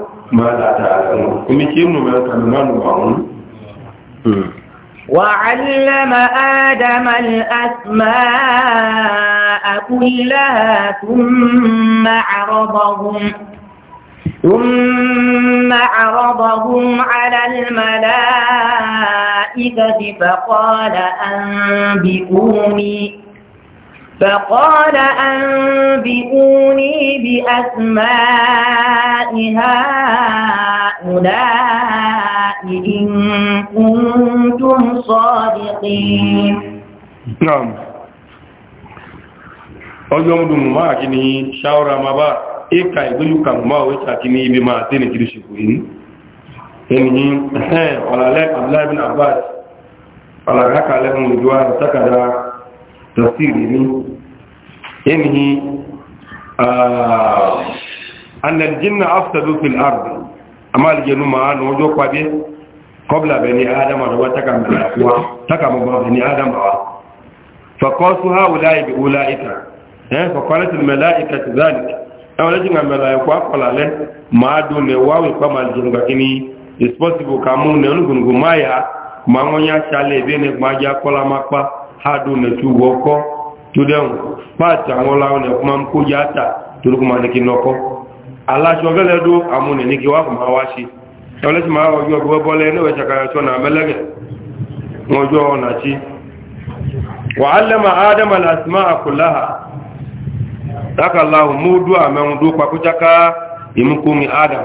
تعلمون ما وعلم آدم الأسماء كلها ثم عرضهم ثم عرضهم على الملائكة فقال أنبئوني فقال أنبئوني بأسماء هؤلاء إن كنتم صادقين نعم ọjọ́ ọdún máa kí ni ṣáwọ́ra ma bá ẹka ìgbóyùkà máa wé ṣàkí ní ibi máa tí ní kìrì ṣùgbò yìí ẹni ọ̀làlẹ́ àbúláìbìn àbáàdì ọ̀làkákà lẹ́mùn ìjọ́ àtàkàdá tọ̀sí ìrìnì ينهي آه أن الجن أفسدوا في الأرض أما الجن ما نوجو قبي قبل بني آدم وتكم تكم بني آدم فقاسوا هؤلاء بأولئك فقالت الملائكة ذلك أولا جنة ملائكة قال له ما دون واو كما الجن بكني is possible kamun ne onugun gumaya ma won ya chale be ne ma ja kola tudẹ̀hùn pàtà àwọn láwọn ẹ̀kọ́ máa ń kó yá tà torúkú máa ní kí nọkọ́ aláṣọ gẹ́lẹ́ dó àmúnẹ̀ ní kí wá kò máa wá ṣe ẹwọ́lẹ́sì máa ọjọ́ ọgbọ́ bọ́lẹ̀ ẹnẹ́wẹ̀ ṣàkàyàṣọ́ nà mẹ́lẹ́gẹ̀ wọn jọ ọ̀nà tí wà á lẹ́mà ádámà làtìmá àkùláhà lákàláhùn mú dó àmẹ́hùn dó pakúcháká ìmúkómi ádám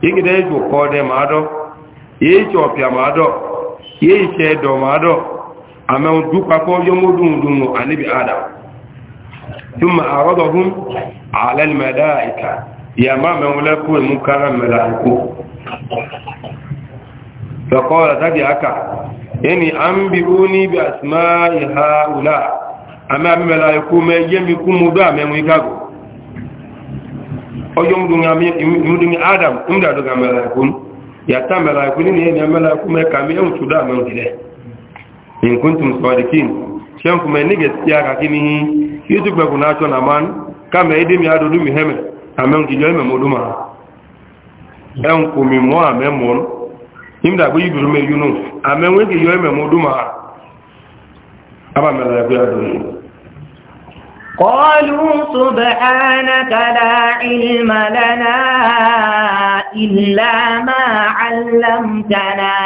igide ejo kode ma do ọpịa opia ma do eje do ma do ama du pa ko yo mo dun dun anibi thumma aradahum ala al malaika ya ma ma wala ko mu kana malaiku fa qala tabi aka bi asma'i haula ama malaiku me yemi kumu do ama mu ọjọ́ múdúnmí adam múdàdóga mẹ́láìkún yàtà mẹ́láìkún ní ẹni mẹ́láìkún mẹ́ka mi ẹ̀hùn tùdá mẹ́hùn tilẹ̀ nǹkan tún sọ̀rọ̀dìkín ṣẹ́nkù mẹ́ nígẹ̀ sí ara kí ní yíò tó gbẹ̀kùn náà ṣọ́nà máa ń ká mẹ́ ẹdí mi adọ́dún mi hẹ́mẹ̀ àmẹ́hùn kìjọ ẹ̀mẹ̀ mọ́dún máa ẹ̀hùn kò mi قالوا سبحانك لا علم لنا إلا ما علمتنا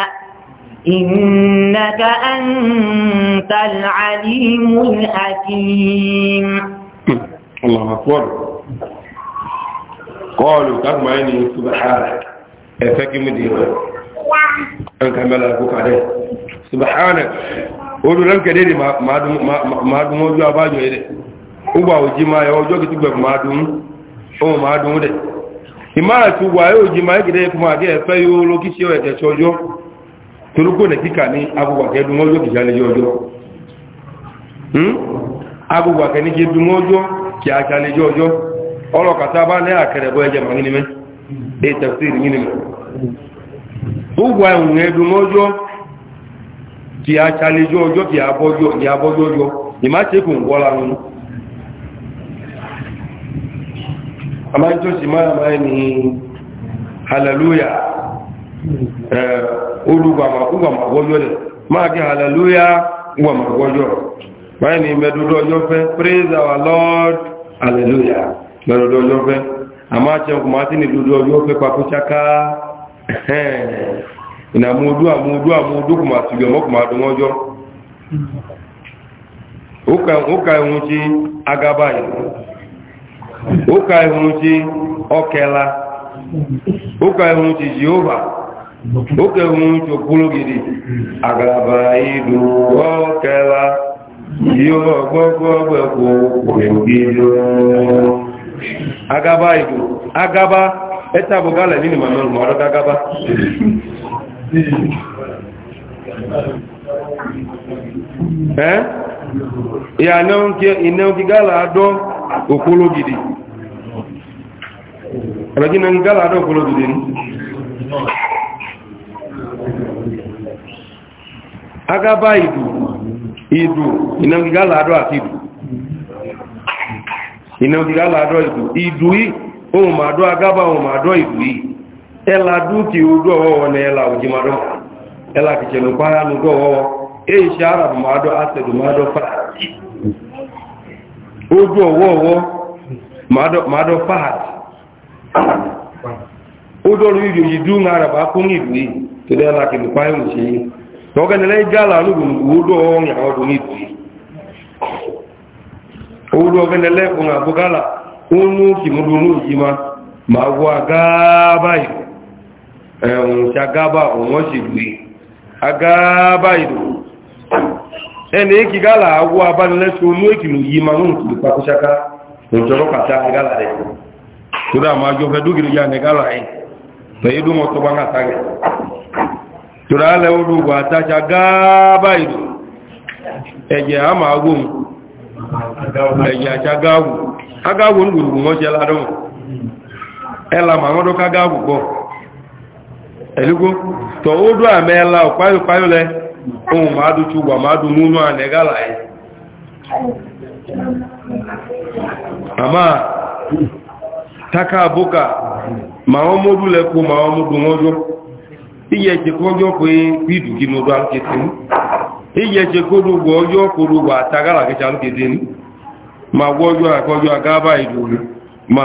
إنك أنت العليم الحكيم الله أكبر قالوا كما يعني سبحانك أفاك مدينة أنك ملكك عليه سبحانك قولوا لنك ديري ما دموجوا أباجوا إليه ụgwa oji ma ya ọjọọ gịtị gbegbe ma e dum ụmụ ma dum dẹ ìmáàtú wà yóò jí ma ẹ́gidẹ́ ikú ma gẹ́ ẹ̀fẹ́ yóò ló kí ṣe ẹ̀kẹ́ṣẹ́ ọjọ́ torúkú nẹ̀ kíkà ní agbùgbàkẹ́ dùn ọjọ́ kìí ṣàlẹ̀ ọjọ́ agbùgbàkẹ́ ní kí dùn ọjọ́ kìí ṣàlẹ̀ ọjọ́ ọlọ́kàtà bá ní àkẹrẹ̀bọ́ ẹjẹ̀ ma nínú mẹ́ èyí amma in tosi mara mara ni hallelujah eh olugba ma ugba ma gwojo le ma ki hallelujah ma ni ojo fe praise our lord hallelujah medodo ojo fe amma che kuma ti ni dodo ojo fe papo chaka ina kuma ti gbo kuma ojo uka uka agaba yi ụka ihunuchi okela ụka ihunuchi jehova ụka ihunuchi okpulogidi agaraba idu okela yóò ọgbọgbọgbọ ògbìdó agaba idu agaba etabogala bọ̀gálẹ̀ agaba ẹ́ ìyànà ìnáwó okolo gidi ẹ̀rọ̀jí na ń gálà àdọ́ okolo gidi ní agaba ìdù ìdù ìnàgigálà idu idu ohun agaba ohun ẹlà dúkì ojú ọwọ́wọ́ na ẹlà òjìmàdọ́ ẹlà kìtẹ̀lù pàyánu gọ́wọ́wọ́ èyí ṣe arab ojú ọwọ́ ọwọ́ màádọ́ fahad ó dọ́rọ̀ ìjò yìí dún ara bá kún ní ìlú yìí tó dẹ́ láti lè pa ẹ̀rù ṣe yìí tọ́gẹ́nilẹ́ jálà lóògùn ó dọ́ ọ̀rìn àwọn ọdún ìlú yìí ó dọ́ ọ̀gẹ́nilẹ́ fún ó ma ìlú ẹni èkì gálà awọ abánilẹ́sọ olú èkìlò yìí ma ń kìlò pàkúṣaká òjòrò kàtà gálà rẹ̀ torí àwọn ajọ́fẹ́ dúkìlò yà ní gálà yìí pẹ̀lú dúnmọ̀ tó bá ń kàtà rẹ̀ torí alẹ́ ìlú ẹ̀jẹ̀ ẹ̀jẹ̀ gáàwù agáàwù ládùn gáàwù ẹ̀lúgbó ó àmẹ́ ọ̀páyọ̀páyọ̀ lẹ́ ohun máa dùn ṣùgbà máa dùn múnú ànẹ́gàlà ẹ̀ àmá taka àbúkà ma wọ́n mọ́dú ma wọ́n mọ́dú mọ́jọ́ iyẹ̀ṣẹ̀ kọjọ́ pé pídù kí mọ́dú alùkẹ́tẹ́ ní iyẹ̀ṣẹ̀ kọdùgbọ̀ ọjọ́ kẹta ní ma wọ́jọ́ àkọjọ́ ìlú ma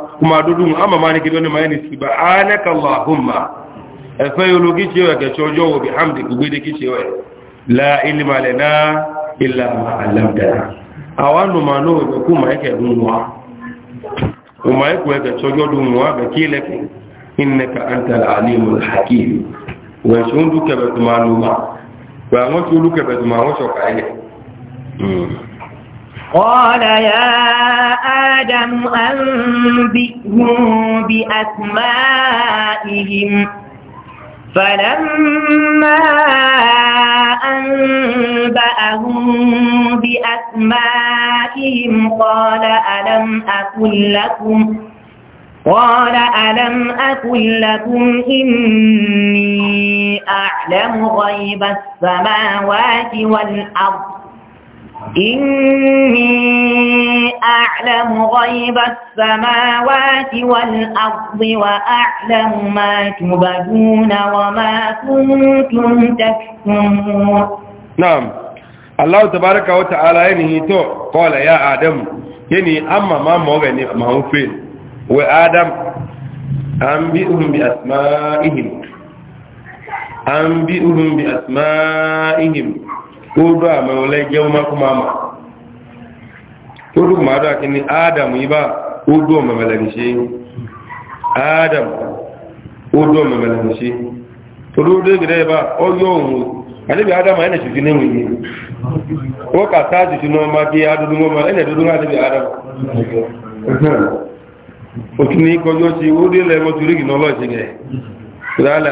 kuma dudun amma ma nake don mai ni subhanaka allahumma afa yulugi cewa ga cojo wa bihamdi ku gode ki cewa la ilma lana illa ma 'allamtana awanu mano be kuma yake dunwa kuma yake ga cojo dunwa ba kile ki innaka antal alimul hakim wa shunduka ba tumanu ma قال يا آدم أنبئهم بأسمائهم فلما أنبأهم بأسمائهم قال ألم أكن لكم قال ألم أكن لكم إني أعلم غيب السماوات والأرض إني أعلم غيب السماوات والأرض وأعلم ما تبدون وما كنتم تكتمون نعم الله تبارك وتعالى ينهي يعني قال يا آدم ينهي أما ما مغني ما هو فين وآدم أنبئهم بأسمائهم أنبئهم بأسمائهم odo ame wòle dze wòma kò ma ma odo ma do akini adamu yi ba odo meme le nisi adamu odo meme le nisi odo odo gbe ɖe ba ɔyɔ òun alebi adamu ɛna tutu ne ŋun yi wò kata tutu ne ɔma bi adudu ŋɔ ma ɛna dudu ŋa alebi adamu otuni kɔjɔ si odo lɛ ɔtun rigi n'ɔlɔ si gɛ odo alɛ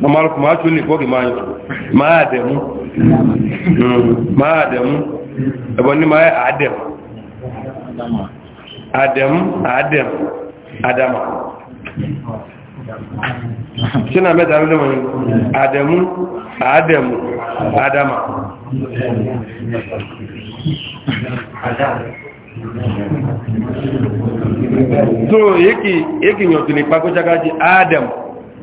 mamalu kuma tun ni kogi ma ma ademu ma ademu ebo ni ma adem adem adem adama sina mẹ́ta ló lọ́wọ́ ademu ademu adama so yeki yeki yọ̀tún ní pàkójágájí ademu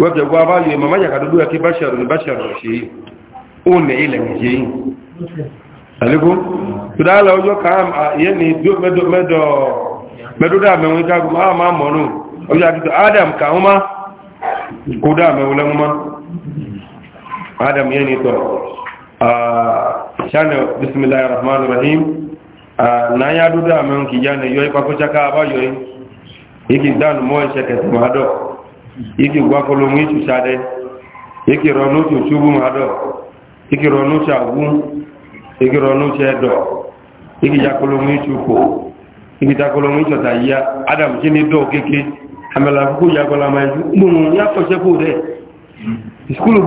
wọ́pẹ̀ gbọ́ abáyé màmá yàkàdúdú ẹkí báṣẹ̀rù ní báṣẹ̀rù ṣe ó nẹ ilẹ̀ ṣe yìí àlékún tó dáàlà ọjọ́ kàám àyẹ́ ni mẹ́dọ́dá mẹ́wọ́n ìkágun máa máa mọ̀nù ọjọ́ àkíkọ́ adam kàúmá kó dá mẹ́wọ́n lẹ́mọ́má adam yẹ́ ni tọ́ ṣánẹ̀ bismillahir rahmanir rahim na ya dúdá mẹ́wọ́n kìí yá ni yọ ipakọ́ṣaká abáyọ̀ yìí kì dánù mọ́ ìṣẹ́kẹ̀ tó máa dọ̀ ike gwakọlọ onwe ichucha dị ikere ọnụ uche chugbu mmadụ ikere ọnụ uche agwụ ikere ọnụ uche edo ikijakọlọ onwe ichukwu ikijakọlọ onwe ichọta ya adam chini do okeke amela akwụkwọ ya gwala ma gbụmụ ya kọchekwa skulu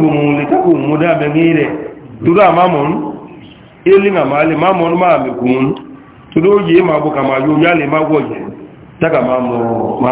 ire ili mali ma oyi ma bụ ka ma yo ya le ma gwọ taka ma ma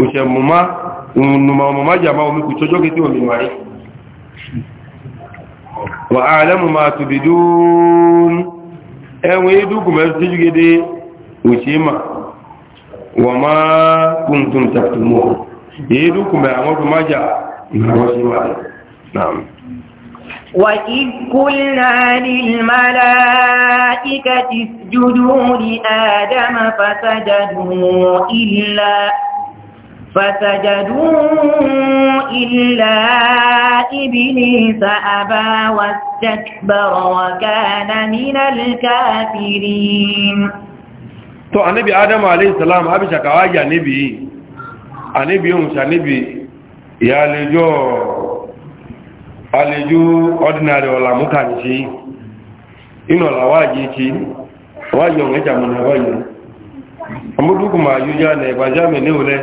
òṣè mọ̀má ònùmọ̀ mọ̀má jàmá omi kò tọ́jọ́ kí tí omi wáyé wà á lẹ́mù máa tùbí dùn ẹ̀wọ̀n ìdúkù mẹ́rin tíjú gẹ́dẹ́ òṣè mà wà máa kún tún tàbí mẹ́rin àwọn ọdún májà ìgbàwọ́ وَإِذْ قُلْنَا لِلْمَلَائِكَةِ اسْجُدُوا لِآدَمَ فَسَجَدُوا إِلَّا فسجدوا إلا إبليس أبى واستكبر وكان من الكافرين to anabi adam alayhi salam abisha kawaja nabi anabi umsha nabi ya lejo aleju ordinary ola mukanji ino la waji ti waji ongeja mun waji amudu kuma yuja ne bajame ne ole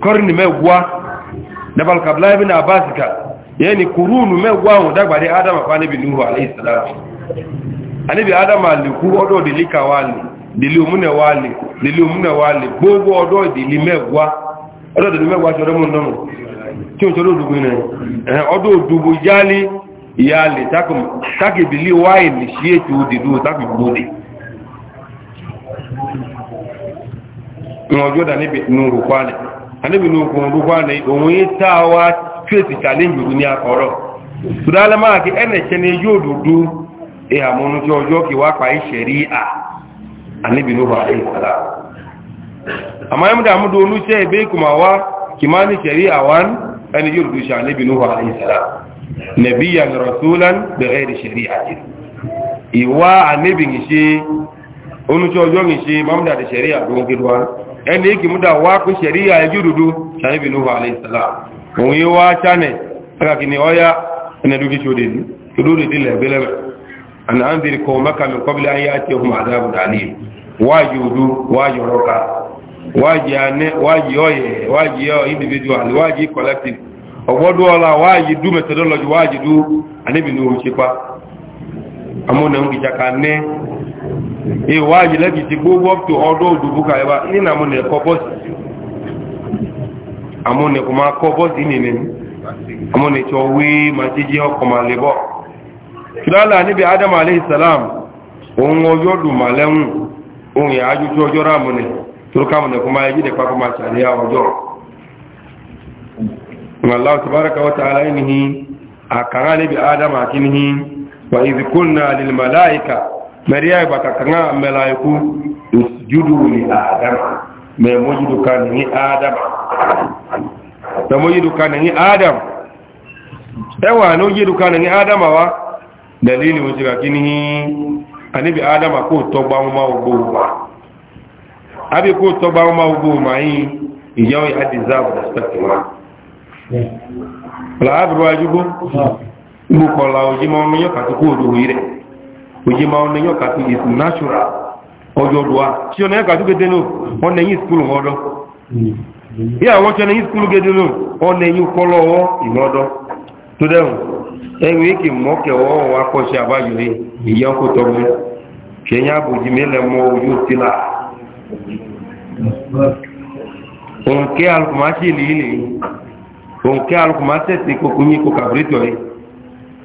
kọrin mẹ́wàá dabalkabla ibi na abasika yẹ́ ni kùrúnù mẹ́wàá wọn dágbàdé adama fa níbi nuhu alaihissalam a níbi adama lèkú ọdọ́ ìdílé kawali dìlé omúnẹ̀wàlì dìlé omúnẹ̀wàlì gbogbo ọdọ́ ìdílé mẹ́wàá ọdọ́ ìdílé mẹ́wàá ṣe ọdọ́mù nọ́mù tí ó ṣọdọ́ òdùgbò náà ẹ̀hẹ́ ọdọ́ òdùgbò yálé ìyálè tákìbìlì wáìnì sí ètò òdìdó tákìbìlì ìwọ̀n ọjọ́ dà níbi nù rùkwálẹ̀ anẹ́bìnú okùn ọdún wà ní òun yí táa wá tíèsì challenge òun ní akọ̀rọ̀ ṣùgbọ́n máa kí ẹnẹ̀ṣẹ́ ni yóò dúdú ìhàmọ́nújọ́ ọjọ́ kí wá pa ìṣẹ̀rí à anẹ́bìnú wà ní ìsàlá àmọ́ ẹmúdà múdú olúṣẹ́ ìbé ìkùnmà wá kì máa ní ṣẹ̀rí àwọn ẹni yóò dúdú ṣe anẹ́bìnú wà ní bẹ̀rẹ̀ ìṣẹ̀rí àjẹ́ ẹni igi múdà wá kú ṣẹ̀rí àìjú dúdú ṣàníbì ní wà aléìsàlá òun yíó wá ṣánẹ̀ ẹ́kàkì ni ọ́yá ẹnẹ́dúkí ṣòdè ní ṣòdè ní lẹ́gbẹ̀lẹ́gbẹ̀ àná ń bèèrè kọ mẹ́kàmì kọ́bílẹ̀ ayé àti ohun àdáàbò dàní wáyé odó wáyé ọ̀rọ̀ka wáyé ọ̀yẹ̀ wáyé individual wáyé collective ọgbọ́dọ̀ ọlá wáyé dú methodology wáyé dú àníbì ní òun ṣe pa amóhùn náà ń gbìjà ká ní ìwádìí lẹ́bi ti gbogbo up to ọdọ́ òdùbú kàíwá nínú àmúnẹ̀kọ́ bọ́ọ̀sì àmúnẹ̀kọ́ máa kọ́ bọ́ọ̀sì nìyẹn àmúnẹ̀kọ́ wí máa ti jẹ́ ọkọ̀ máa lè bọ́ kìláàlà níbi adam aleyhisselam òun ọjọ́ dùnmà lẹ́hùn ohun ìyájú tó ọjọ́ rámúnẹ̀ tó kámúnẹ̀ kó máa yí nípa kó máa ṣàlẹ́ ọjọ́ Allah tabaraka wa ta'ala inihi akara nabi adam akinihi wa idh qulna lil malaika mẹ̀ríà ìbàkà kan náà mẹ́la ikú ìjúdù ní àádámà mẹ́mójúdù ká ní àádámà mẹ́mójúdù ká ní àádámà ẹwà ní ojúdù ká ní àádámà wá dalili ojú kàkí ní aníbi àádámà kó tọgbà ọmọ ogbó ma àbí kó tọgbà ọmọ ogbó ma yìí ìyáwó yà dìzáàbù respect ma làábùrù ajúgbó gbùkọ̀ làwòjímọ̀ ọmọ yóò kàtó kó òdòwò yìí rẹ̀ oye ma ọ̀nà yọ́ kàtí is natural ọjọ́dọ̀wà tí ọ̀nà ẹ̀kàtí gẹ́gẹ́ náà ọ̀nà yìí skúlù ọdọ́ yíya wọ́n tí ọ̀nà yìí skúlù gẹ́gẹ́ náà ọ̀nà yìí kọ́lọ̀ ọwọ́ ìmọ́dọ́ tó dẹ̀rùn ẹ̀rùn èkì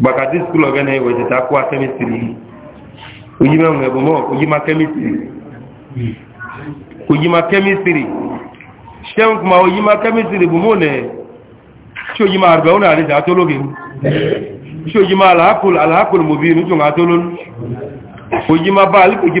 gbàkàdé skul ọ̀gá náà ìwẹ̀ tẹ̀tẹ̀ akọ́wà kẹ́mítìrì ojí mẹ́rin ẹ̀bùn mọ́ ojí ma kẹ́mítìrì ojí ma kẹ́mítìrì ṣẹ́hùn kùmà ojí ma kẹ́mítìrì bùn mọ́ nẹ̀ ṣé ojí ma àrùbẹ̀ ọ̀nà àdéjà tó lóge ṣé ojí ma àlàákùl àlàákùl mòbí inú tún àtó lónú ojí ma bá alípò jí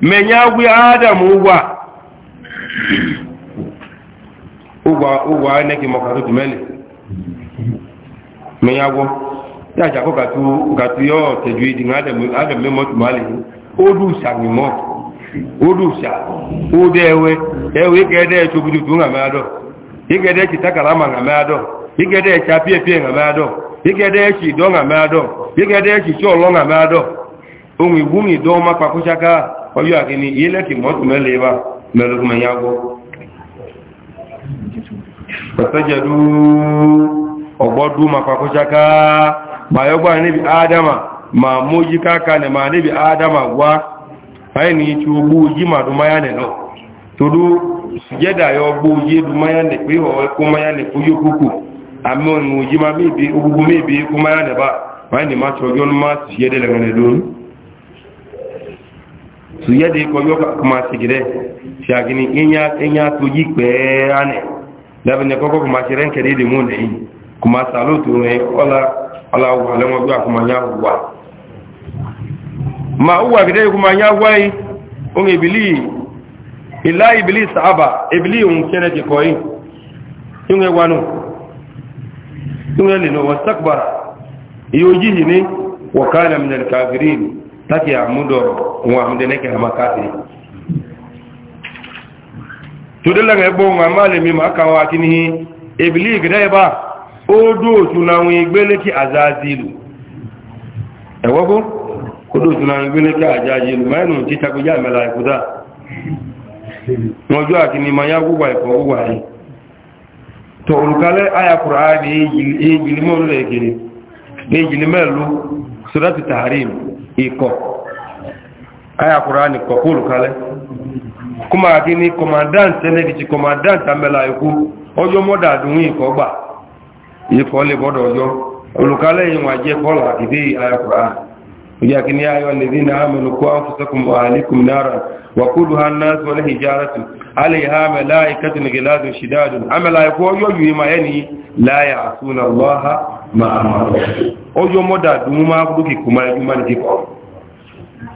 menye agwụ adam ụgwọ a ụgwọ a na-eke tutu mele menye ya ji akọ gatu ya na adam memotu mali odusa mimo odusa ode ewe ewe ikede echobututu nga meadọ ikede chitakara ma nga meadọ pie echi echi ọlọ onwe ọma ọjọ́ àkíní ilẹ̀kì mọ́tù mẹ́lẹ̀ bá mẹ́lùkùnmọ̀ ya gbọ́ ọ̀sẹ́jẹ̀dú ọgbọ́dú mafakúṣaká bayọgbà níbi adama ma mójí káka nẹ ma níbi adama wá báyìí ni tí ó gbóòjí ma dúmáyà nẹ̀ lọ tòdó jẹ́dà yọ gbóòjí dúmáyà nẹ̀ pé ọ̀ẹ́kú máyà nẹ̀ fójú kúkù àmì òyìnbó jí ma mébé ogbogbo mébé kú máyà nẹ̀ bá báyìí ni má tọ́jọ́ ní má sì yẹ́dẹ̀ lẹ́gbẹ̀rẹ̀ lónìí su yadda ko yoka kuma sigire shagini inya inya to yi pe ane dabe ne koko kuma shiren kare de mun yi kuma salutu ne ola ola wa le mo kuma nya wa ma uwa gide kuma nya wa yi on ibili ila ibili sahaba ibili un kene de ko yi yunge wanu yunge lino wastakbara yojihi ni wa kana min al-kafirin taki amudoro wa mdene ke hamakati tudela nge bo nga male mi maka wa kinihi ibli greba odo tunawi igbele ki azazilu ewogo odo tunawi igbele ki azazilu maenu ti taku ya mela ikuda mojo akini maya gugwa iko gugwa yi to olukale aya qur'ani ejili mo le kini ejili melu suratu tahrim ikọ̀ aya kùránì kọ̀kúrù kalẹ̀ kúmà kí ní kọmàdáǹtì tẹ́lẹ̀kìtì kọmàdáǹtì amẹ́la ikú ọjọ́ mọ́dà àdúnwí ikọ̀ gbà ikọ̀ lè bọ́dọ̀ ọjọ́ olùkalẹ̀ yìí wọ́n jẹ́ kọ́lá àkìdé aya kùránì ojú akíní ayọ́ lè dín náà mẹ́nu kó àwọn عليها ملائكة غلاظ شداد الملائكة يوجو ما يعني لا يعصون الله ما أمرهم ojo moda duma buki kuma yuma ndiko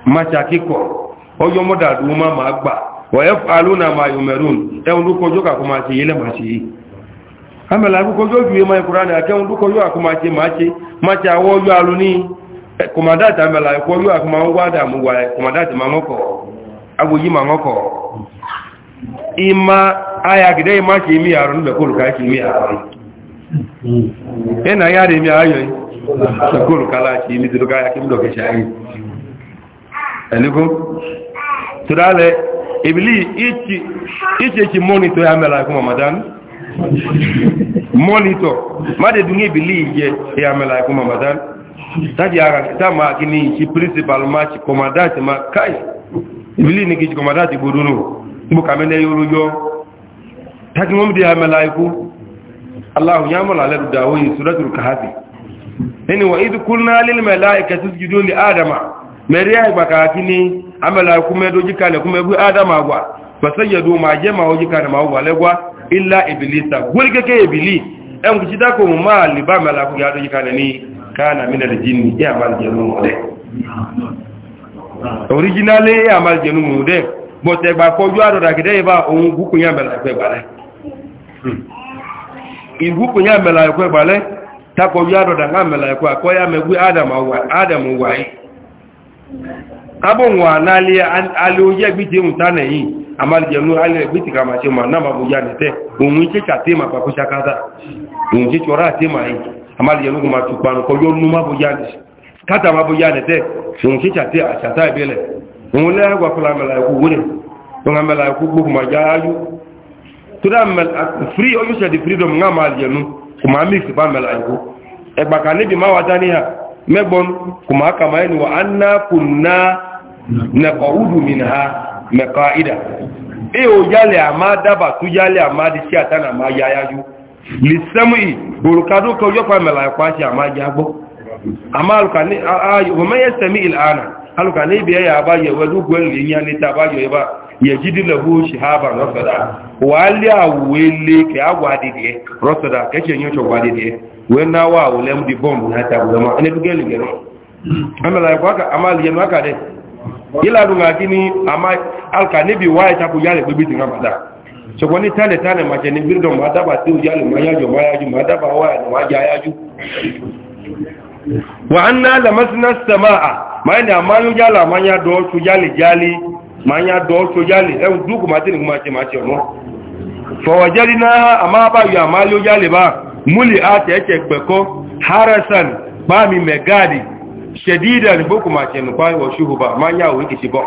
macha kiko ojo moda duma magba wa yafaluna ma yumerun e unduko joka kuma ti ile machi ma qur'an ake unduko yo kuma ti machi macha wo amela ko yo kuma ngwa da mu wa kuma data ma ngoko ma ima aya gida ima ke mi yaro nbe ko ka ke mi yaro ena ya de mi ayo yi ko kala ke mi du ya ke mi do ke shayi eliko ibili ichi ichi ki monitor ya mela ko madan monitor ma de dungi ibili je ya mela ko madan tadi ara ta ma kini chi principal ma chi ma kai ibili ni ki commandant budunu gbọ́ka mẹ́lẹ́ yorùjọ́ tàbí wọ́n dí a mẹ́láìkú aláhùn yá mọ́lá lẹ́rù dáwọ́ yìí sùrẹ́tùrù káàfì nínú wọ́n ìdí kúrò náà lílì mẹ́láìkẹ́ tó jùdó lè ádámà mẹ́rí àìgbàkàkí ní amẹ́láìkú mẹ́dójí kalẹ̀ kú mẹ́bú ádámà wà pẹ̀sẹ́yẹ̀dó máa jẹ́ máa ojí kalẹ̀ máa wà lẹ́gbá ilá ìbìlísà gbóríkẹ́kẹ́ ìbìlí ẹn kù mọ̀tẹ̀gbà kọjú àdọ̀dàgídẹ́ ìbá ohun gúkùnyà mẹ́lá ẹ̀kọ́ ìgbàlẹ́ takọjú hmm. àdọ̀dàgá mẹ́lá ẹ̀kọ́ àkọ́yà mẹ́gbé adam wáyé abọ̀nwà n'alẹ́ alóyẹ́ gbíte ń tánà yìí àmàlìjẹ̀nú alẹ́ gbíte kà máa ṣe ma náà máa bóyá nìtẹ́ òun ṣe ṣàtẹ́mà pàkó ṣakátà òun ṣe ṣọ́rá àtẹ́mà yìí àmàlìjẹ̀nú kò máa tùpanù kọjọ́ nú máa bóyá nìtẹ́ òun lẹ́yìn àgbàkọ́lá àmàlà ẹ̀kú wúrẹ̀ òun àmàlà ẹ̀kú gbogbo ma já áyú torí àmàlà fírí ọjọ́sẹ̀ di fírídọ̀m ńlá máa jẹ̀nu kò máa mí ìsìnkú àmàlà ẹ̀kú ẹgbà kan níbi máa wá dání hà mẹ́gbọ́n kò máa kà máa ẹni wà á ná kò ná nẹ̀kọ̀ údù mi nà ha mẹ̀kọ́ ìdà ẹ ò yálẹ̀ àmà dábà tó yálẹ̀ àmà di sí àtànà àmà ya áyú lè sẹ́mu ì bòrùkadó kọ yọ́pọ̀ àmàlà ẹ̀kú àti àmà ya gbọ́ àmà àlùkà ní ọmọ yẹn sẹ́mi ìlànà alùkà ní ibi ẹ̀yà àbáyọ̀ ẹ̀wẹ́dú gbẹ̀rẹ̀ yíya ní tàbáyọ̀ ẹ̀bá yẹ̀jídìlẹ̀bú ṣìhábà rọ́sọ̀dá wà á lé àwòwé lé kẹ́ àwọ̀ àdìdìẹ rọ́sọ̀dá kẹ́kẹ́ yẹn ṣọ̀wọ̀ àdìdìẹ wẹ́n náà wà àwòlẹ́ mú bọ́ọ̀mù náà tàbùlọ́mọ́ ẹni ya gẹ́lì gẹ́lì ya ẹ̀kọ́ àmàlìyẹnu àkàdẹ yílàdùn àti ya ya ya manya manyu jala manya do su jali jali manya do su jali e duku matini kuma ce mace mo fa wajadina ama ba ya malu jali ba muli ate yake gbeko harasan ba mi megadi shadidan boku mace mu ba wa shuhuba manya o yake shibo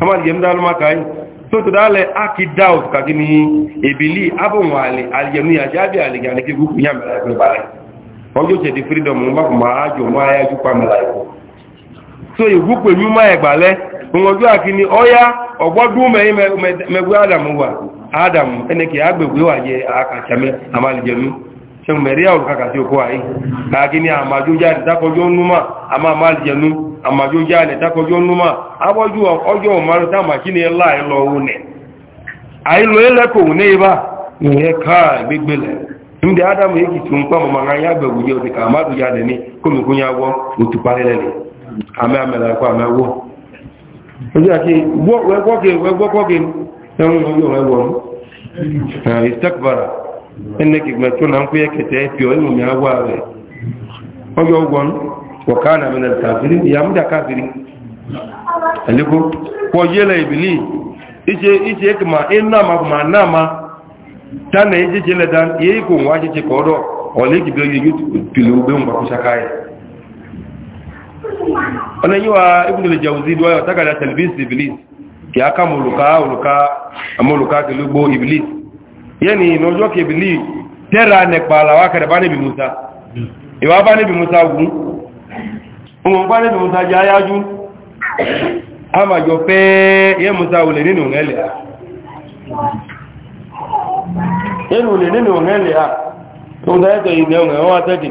amma yem dalu makai to to dale akidaut kagini ibili abun wale aljami ya jabi aligani ki guku nyamela ko ba ojo che di freedom mo ba ma ajo ma ya ju pamela ko so ìwú pè mí máa ẹ̀gbà lẹ́ òun àkíní ọya ọgbọ́dún mẹ́gbé Adamu wà ádámù ẹnẹ́kì agbègbè wà yẹ àkàṣàmẹ́ àmàlìjẹ̀mú ṣeun mẹ́ríà olùkàkàṣí òkú àyí àkíní àmàjójá ìdákọjọ́ númà àmà àmàlìjẹ̀mú àmàjójá ìdákọjọ́ númà abọ́jú àmì àmìlà ẹ̀kọ́ àmì ẹwọ́ ojú àti wẹ́gbọ́kọ́gin ẹ̀wọ̀n yóò ẹwọ̀n ìstakbara ẹni kìgbà tó na ń kó yẹ kẹtẹ ẹ fìọ ẹnu mi awọ rẹ ọjọ ọgbọn wọká na mi na káfírí ìyàmúdà káfírí ẹlẹkọ wọ yẹlẹ ìbílí ìṣe ìṣe kìmà iná ma kìmà náà ma tánà wannan yi wa ibn al-jawzi duwa ya taka da talbis iblis ki aka muluka uluka amuluka kilugo iblis yani nojo ke iblis tera ne pala wa ka bani bi musa iwa bani bi musa gun mo bani bi musa ja yaju ama jo pe ye musa ule nínú ngele yenu le nínú ngele a to da to yin ngele wa tadi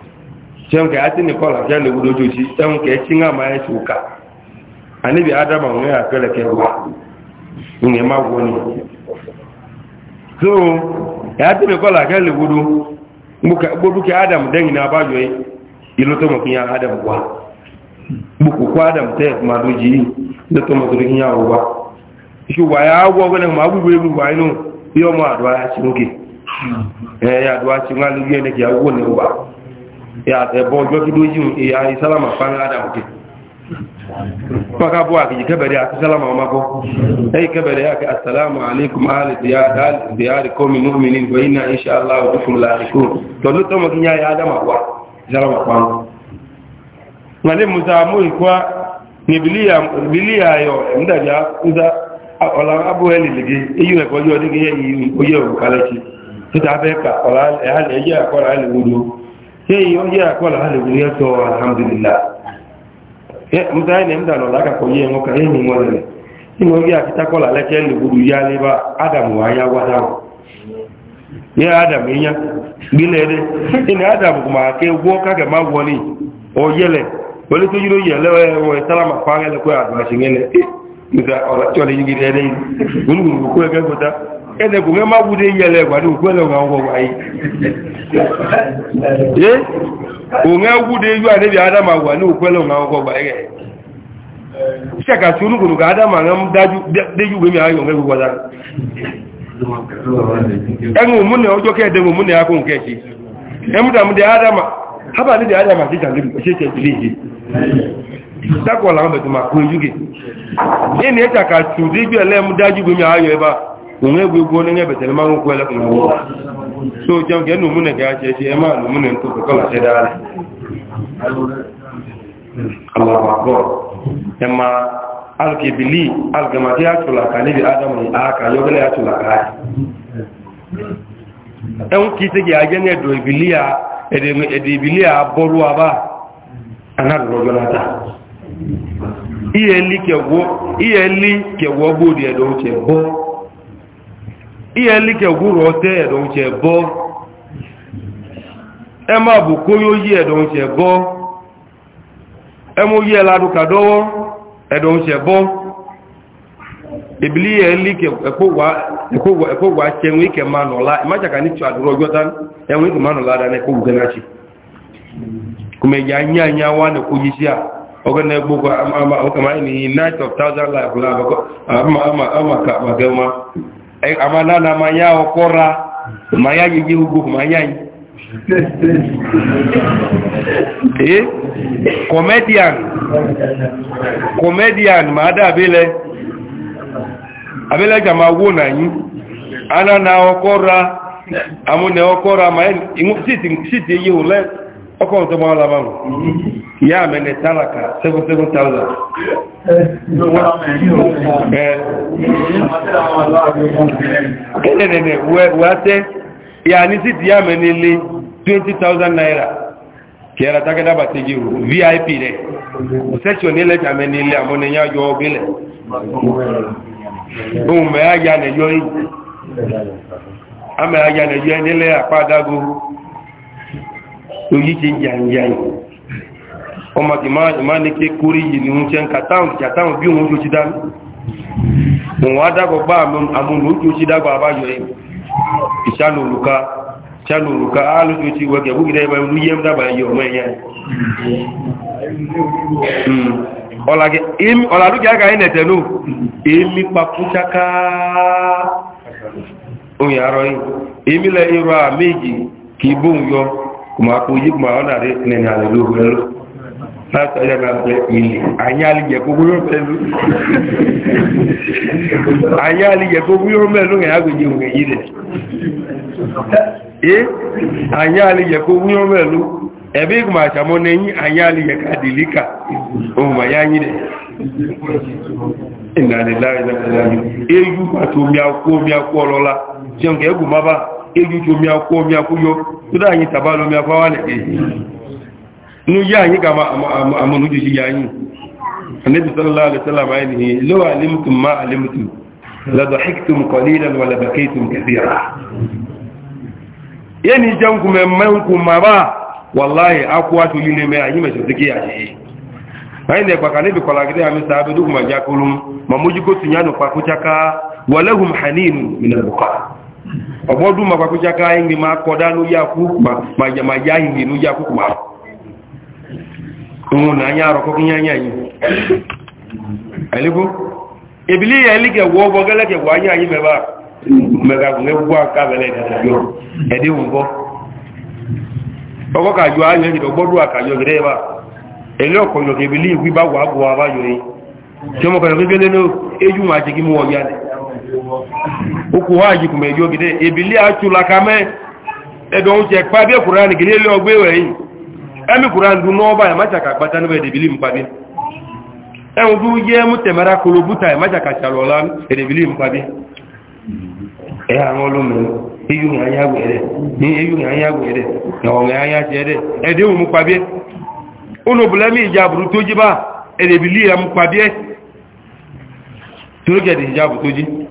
jẹun ati ni kọla fẹ lewu lójoojú jẹun kẹ tí ń àmà ẹsùn ká anibi adama ń yà fẹlẹ kẹwàá ìyẹn má wọ ni so ati ni kọla fẹ lewu ló gbódú adamu dẹyìn náà abájọ yìí ìlú tó mọ fi yàn adamu wá gbogbo kó adamu tẹ ẹ má lójì yìí ìlú tó mọ fi yàn wà ẹ ẹ̀bọ̀ ọjọ́ tó ló yíò ìyá ìsálàmà fáńlá dàmùkì pàkàbọ̀ àkìjì kẹbẹ̀rẹ̀ àti sálàmà ọmọkọ́ ẹ̀yì kẹbẹ̀rẹ̀ àti àsàlámù alaikum alìdíyàrí kọ́mí mọ́mìnì gbẹ̀yìnà ìṣàlá òdúfún láàrínkù tọ́lú tọ́mọ kí yá adama wà sálàmà pàmò ngane musa mọ́ìkwá ní bílíà ayọ̀ nídàjá ọ̀là abúhẹ́lì lège eyín ẹ̀kọ́ yọ ọdún kí yẹ eyi onye akọ la hali wuli ẹtọ alhamdulilah ẹ musa ẹni ẹmu dànù ọlá kakọ yẹ ẹwọn kan ẹni wọn lẹ ẹni onye akitakọ la lẹkẹ ẹni wudu ya leba adamu aya wada o yẹ adamu enya gbilẹ dẹ ẹni adamu kuma ake wọ kagẹ ma wọli ọyẹlẹ wọlé tó yúrò nga ọ̀rọ̀ tí ọ̀rọ̀ yìí rẹ̀ gbogbo kó ẹgbẹ́ gbọ́ta ẹ̀dẹ̀ kò mẹ́ máa wúdé yẹlẹ̀ wà ní òkú ẹlẹ́wọ̀n àwọn ọgbà yìí ẹ́ kò mẹ́ wúdé yú àdébì adama wà ní òkú ẹlẹ́wọ̀n àwọn ọgbà yìí rẹ̀ ṣẹ́kàtí onúkùnù ká adama adama adama dákọ̀ làwọn bẹ̀tẹ̀ máa kún ojúgè ní ẹ̀ta ka tù dígbì ẹlẹ́mú dájú gbé mi ayọ̀ ẹba òun ẹgbẹ́ ogun oníyẹ bẹ̀tẹ̀ lè máa ń kú ẹlẹ́kùn ìwọ̀ so jẹun kẹ́ nùmúnẹ̀ kẹ́ ajẹ́ ṣe ẹ máa nùmúnẹ̀ tó kọ́kọ́ làṣẹ dára rẹ̀ alàbàbọ̀ ẹ máa adamu ni aka yọgẹlẹ atulaka rẹ̀ ẹun kìí sẹ́gi ajẹ́ ní ẹ̀dọ̀ ìbílíà ẹ̀dẹ̀ ìbílíà bọ́rú abá anárùrọ̀ jọ́nátà ihe nli kẹwọ́ gbòdì edo oúnjẹ bọ́ ihe nli kẹwọ́ bụ tẹ́ edo oúnjẹ bọ́ ẹ máa bù kó yóò yí ẹ̀dọ̀ oúnjẹ bọ́ ẹ mú yí ẹ̀ladùkàdọ́wọ́ ẹ̀dọ̀ oúnjẹ bọ́ ihe nli ẹ̀kọ́wà ṣẹ̀wọ̀n ikẹ̀ máa nọ̀lá ìmájàkà ní tí àdúrà ọjọ́ oge na-egbu kwa anyị n'ihi night of thousand life la amakema amana e, na manya ọkụra manya yiye ugwu manya anyị Eh, comedian comedian ma ada abele abele jama wo na anyị ana na ọkụra amụ na ọkụra ma siti ihe ụlọ ọkọ̀ tó mọ́ ọlọ́mọ́ ìyá àmẹ́lẹ̀ tálàkà 77,000 kẹ́lẹ̀lẹ̀lẹ̀ wẹ́tẹ́ ìyà ní sí ti àmẹ́lẹ̀ lé 20,000 naira kẹ́ra tágẹ́dàbà ti jẹ́ vip rẹ̀ sẹ́ṣọ̀ nílẹ̀ àmẹ́lẹ̀ lé àmọ́niyàn yọ ọgbẹ́lẹ̀ ohun mẹ́ oyíṣe jàǹjàǹ ọmọ tí ma ní ké kórí yìí ni wọ́n ṣe ń kàtàùn jàtàùn bí òun ojú dáa òun wá dágbọ́ gbá àmúlò ojú dágbà àbáyọ ìṣàlò olùka a olùka alójú ti wẹ́gẹ̀ búgidẹ́ ẹgbẹ́ olú yẹ́ dábà ẹyọ ọ̀làdúkẹ́ àkà ẹ̀ yọ kuma ko yi kuma ona re ne na le lu lu na ta ya na le ili anyali ye ko guyo pe lu anyali ye ko guyo me lu ya go ji nge yi de eh? e anyali ye ko guyo me lu ebe kuma cha mo ne yi anyali ye ka dilika o ma ya yi de inna lillahi wa inna ilaihi raji'un eju ma to mi akwo mi akwo lola jẹun kẹ ẹgùn má bá ejuju omi akó omi akúyọ tó dá yìí tàbá lọ omi akó wà lẹ́kẹ́ inú yá yìí ka àmọ́nujú sí yá yìí anẹ́bí sọ́lọ́lá alẹ́sọ́lá máa ní lọ́wọ́ alẹ́mùtùm máa alẹ́mùtùm lọ́dọ̀ hektum kọlílẹ̀ wà lẹ́bàkẹ́tùm kẹfìrà obodumba kwa kujaka ingi makodalu ya kukma maja maja ingi nuja kukma muna nyaro kwa kinyanya yu alibu ibili ya ilike wobo gala ke wanya yu meba meka kune wubwa kabele yu edi wubo oko kajua yu yu obodu wa kajua gireba elio konyo kibili yu kiba wabu wabayo yu chomo kanyo kibili yu eju maje kimu wabiyane ụkwụ nwaanyị kwume eji ogide ebili la ka mee ego nwuche kpabie kwuran gị n'elu ọgbọ ewe yi emi kwuran du n'ọba ya macha ka kpata n'ebe edebili mkpabi enweghi uye m temera kụrụ buta ya macha ka chalụọla edebili mkpabi ya e ṅụlụ mere eyughi anya were eyughi anya were na ọṅụ anya chere edewu m kpabie ụnụ bụla emi iji abụrụ toji ba edebili ya m kpabie tụrụ gị edebili ya toji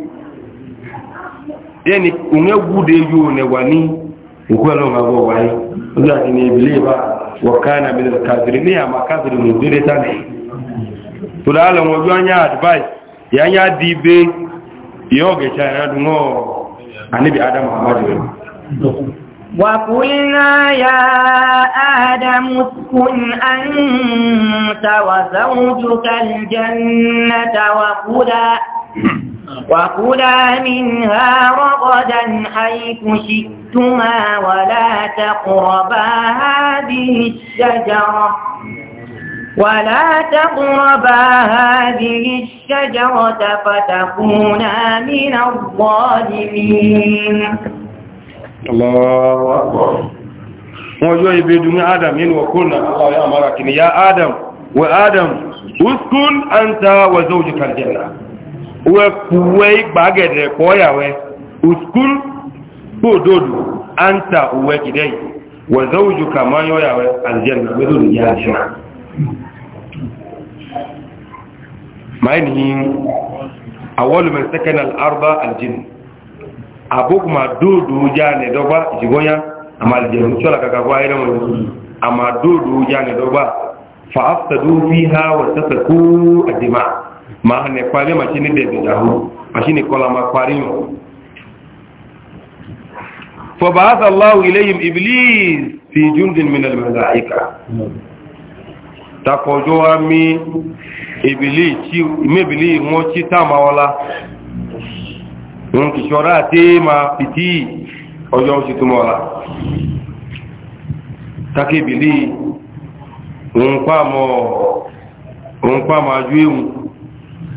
yani unge gude yo ne wani ukwelo ngabo wai uga ni biliba wa kana min al-kafirin ya ma kafir min dire tan tulala mo jonya advice ya nya dibe yoge cha ya dungo anabi adam muhammad وقلنا يا آدم اسكن أنت وزوجك الجنة وكلا وكلا منها رغدا حيث شئتما ولا تقربا هذه الشجرة ولا تقربا هذه الشجرة فتكونا من الظالمين الله أكبر وجوه بدون آدم إن وكلنا الله يأمرك يا آدم وآدم اسكن أنت وزوجك الجنة we kuwe igba gede ko yawe uskun bododu anta uwe gidai wa zawjuka ma yo yawe aljanna bidun ya janna maini awwalu man sakana al-arba al-jinn abuk ma dodu jigonya amal jinn kaka kwa ina mo ama dodu fa afsadu fiha wa tasaku ad-dima' ma ne kpali machini dede dahu machini kola ma kwariyo fa ba'atha Allahu ilayhim iblis fi jundin min al-malaika takojo ami iblis ti mebili mo ti tama wala won ki shora te ma piti ojo si tumola takibili won pa mo won pa ma ju ehun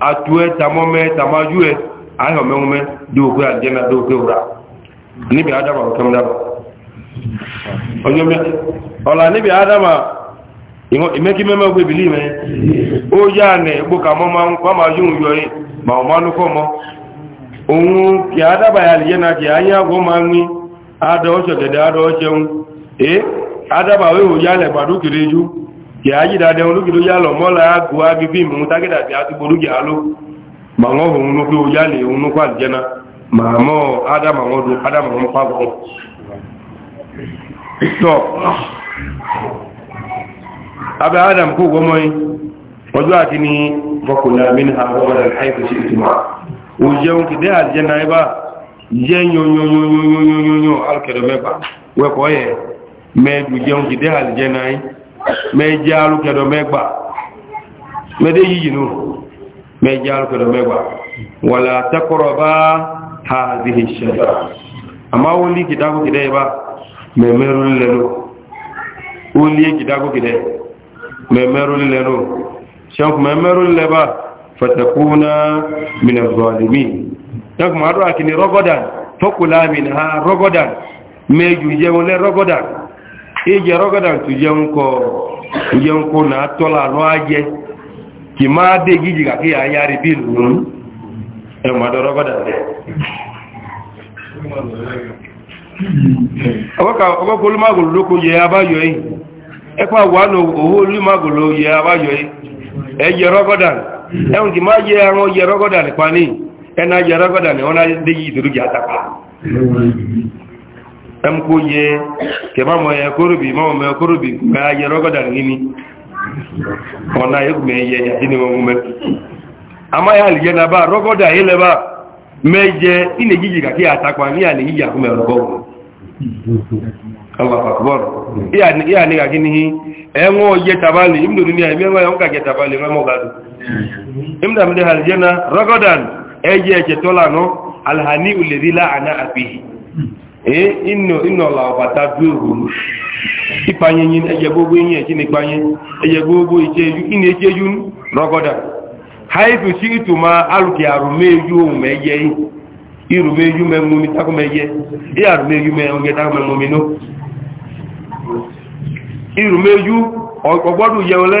atue tamome tamajue ayo mengume do ko aljana do ko ura adama ko mda ojo me adama ingo imeki me o ya ka ma ko ma yun yo yi ma o manu ko mo ohun ki adaba ya aljana ki anya go ma nwi ada o so adaba o gbadu kì á yíra dẹ olókìló yálọ mọ́lá àgọ́ agbègbè mú tágídà tí a ti gbórúkì àlọ́ màá wọ́n òun ló pé ó yálè òun ló kó àlìjẹ́nà màá mọ́ ádámà wọn dún ádámà wọn pàgọ́ tọ́ abẹ́ ádámà kó wọ́n mọ́yìn ọjọ́ àti ní bọ́kùnlá mínà ọgbọ́dà àìkú sí ìtumọ̀ ó jẹun kìdẹ́ àlìjẹ́nà ẹ bá jẹ́ yọnyọnyọnyọnyọnyọ alùkẹ̀dọ̀ mẹ́fà wẹ́kọ̀ọ́ yẹ mẹ́ẹ̀dù jẹun kìdẹ́ àlìjẹ́nà ẹ mẹ́jẹ́ alùkẹ̀dọ̀ mẹ́gbà mẹ́dé yìí nù mẹ́jẹ́ alùkẹ̀dọ̀ mẹ́gbà wà látẹ́kọ̀rọ̀ bá hàzìhì ṣẹ̀dá àmá ó lé kìdágókìdẹ́ bá mẹ́mẹ́rú lẹ́nu ó lé kìdágókìdẹ́ mẹ́mẹ́rú lẹ́nu ṣẹ́kù mẹ́mẹ́rú lẹ́bà fẹ̀tẹ̀kúnná mìnàzọ̀lẹ̀mí ije rogada tujenko tujenko na tola loaje ki ma de giji ga kiya yari bin nun hmm? e ma do rogada de awa ka awa ko luma go loko je abayo yi e ko wa no owo luma go lo ye abayo yi e je rogada e un ki ma je ro je rogada ni pani e na je rogada ni ona de giji duru ja ta pa tamko ye ke ma mo ya korubi ma mo ya korubi ma ya rogo da ngini ona ye me ye ya dini mo me ama ya liye na ba rogo da ile ba meje ine jiji ka ki ni ya ni ya ku me rogo Allah akbar ya ni ya ni ka kini e ngo ye tabali imdu dunia mi ngo yonka ke tabali ngo mo gadu imda mde haljana rogodan eje alhani ulidhi ana abihi ee eh, ịnọ ịnọla ọbata dị duogwu ịkpanye nyi ejegbogbo inye eji na ikpanye ejegbogbo ina-eji eju rọgọda ha ifusi itu ma alụghị arụmeju omume eye irumeju memumi takomeye ịarụmeju meonge takomemumino irumeju ọgbọdụ ya ole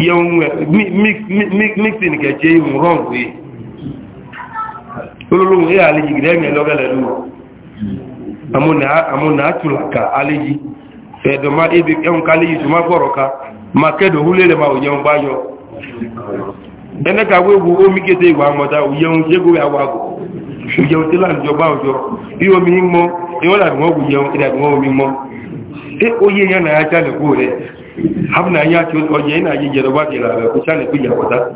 yẹun mixin kẹ̀kẹ́ ìhùn rọ́ǹkù yìí olóòrùn èyà àlejì gìdẹ́ ẹ̀mẹ́ lọ́gẹ́lẹ̀ ló àmúnà àtùlàkà àlejì ẹ̀dọ̀má ibi ẹ̀hùn ká àlejì tó má gbọ́rọ̀ ká ma kẹ́dọ̀ húlẹ̀lẹ̀ ma òyẹun bá yọ ẹnẹ́ka wéwu omi kété ìwà àmọ́ta òyẹun ṣégó àwàgò òyẹun tí láàrín bá òjọ mi mọ́ habna ya ti oye na ye jere ba dira ko chane ku ya wata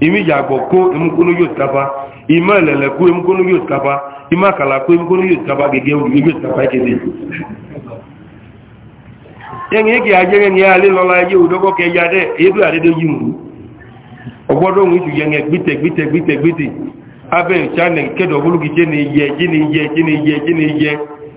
imi ya gbo ko imu kunu yo kapa ima lele ku imu kunu yo kapa ima kala ku kunu yo u yo ke yen ye ki aje ni ale lo la ye udogo ke ya de e, e du ade de ju yen gbite gbite abe chane ke do bulu gi je ni ye ji ni ji ni ji ni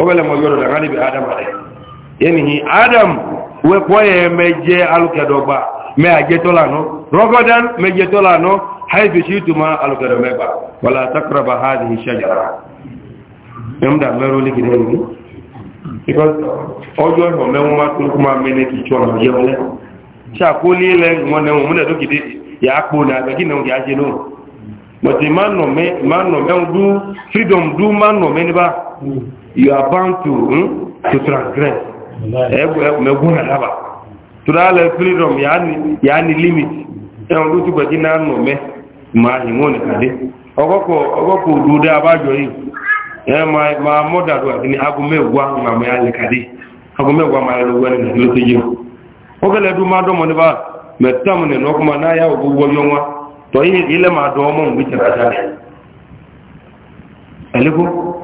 ọgbẹ́lẹ̀ mọ̀ yọ́rọ̀ dàgbà níbi adam rẹ̀ yẹ́nìyí adam wẹ́pọ̀ yẹ mẹ́jẹ́ alùkẹ́dọ̀gba mẹ́ àjẹtọ́lànà rọ́gọ́dán mẹ́jẹtọ́lànà haifi na ìtumá alùkẹ́dọ̀ takraba hadi ṣajara yọmdà mẹ́rọ líkì lẹ́yìn ọjọ́ freedom you are bound to hmm, to transgress mẹgbọn alaba turaalẹ freedom yaa ni limit ẹwọn ló ti gbẹdí náà nù mẹ màá yìnbọn nìkadé ọgọkọ ọgọkọ abájọ yìí ẹ ma mọdàdó àti ní aago ló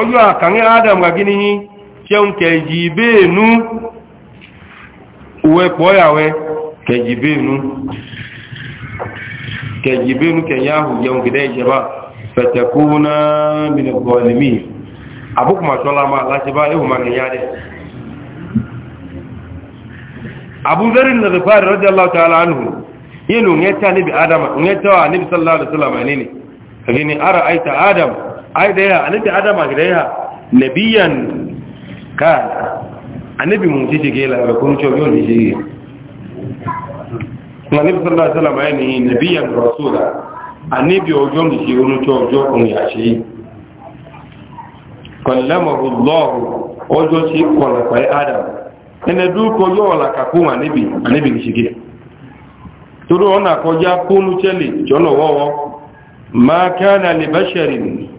ọjọ́ àkàngẹ́ adam gagini yí ṣeun kẹjì bẹ́ẹ̀nú uwe pọ̀ọ́yàwẹ́ kẹjì bẹ́ẹ̀nú kẹjì bẹ́ẹ̀nú kẹyàhù yẹun gẹ̀dẹ́ ìṣẹ́bá fẹ̀tẹ̀kúnná mìnàbọ̀lẹ̀mí abúkùmàṣọ́lá máa láti bá ẹ̀hùn máa kẹyà dẹ̀ abúzẹ́rìn na rufari radiyallahu ta'ala anhu yìí lò ń yẹ́ta adam ń yẹ́ta wà sallallahu alaihi wasallam ẹni ni ara aita adam aidaya anabi adam agidaya nabiyan kana anabi mun ji jige la ko mun choyo ni jige nabi sallallahu alaihi wasallam ayni nabiyan rasula anabi ojo ni ji onu choyo kun ya shi kallamahu allah ojo shi kola kai adam ene du ko yo la ka ku anabi anabi ni jige turu ona ko ja kunu cheli jono wowo ma kana li basharin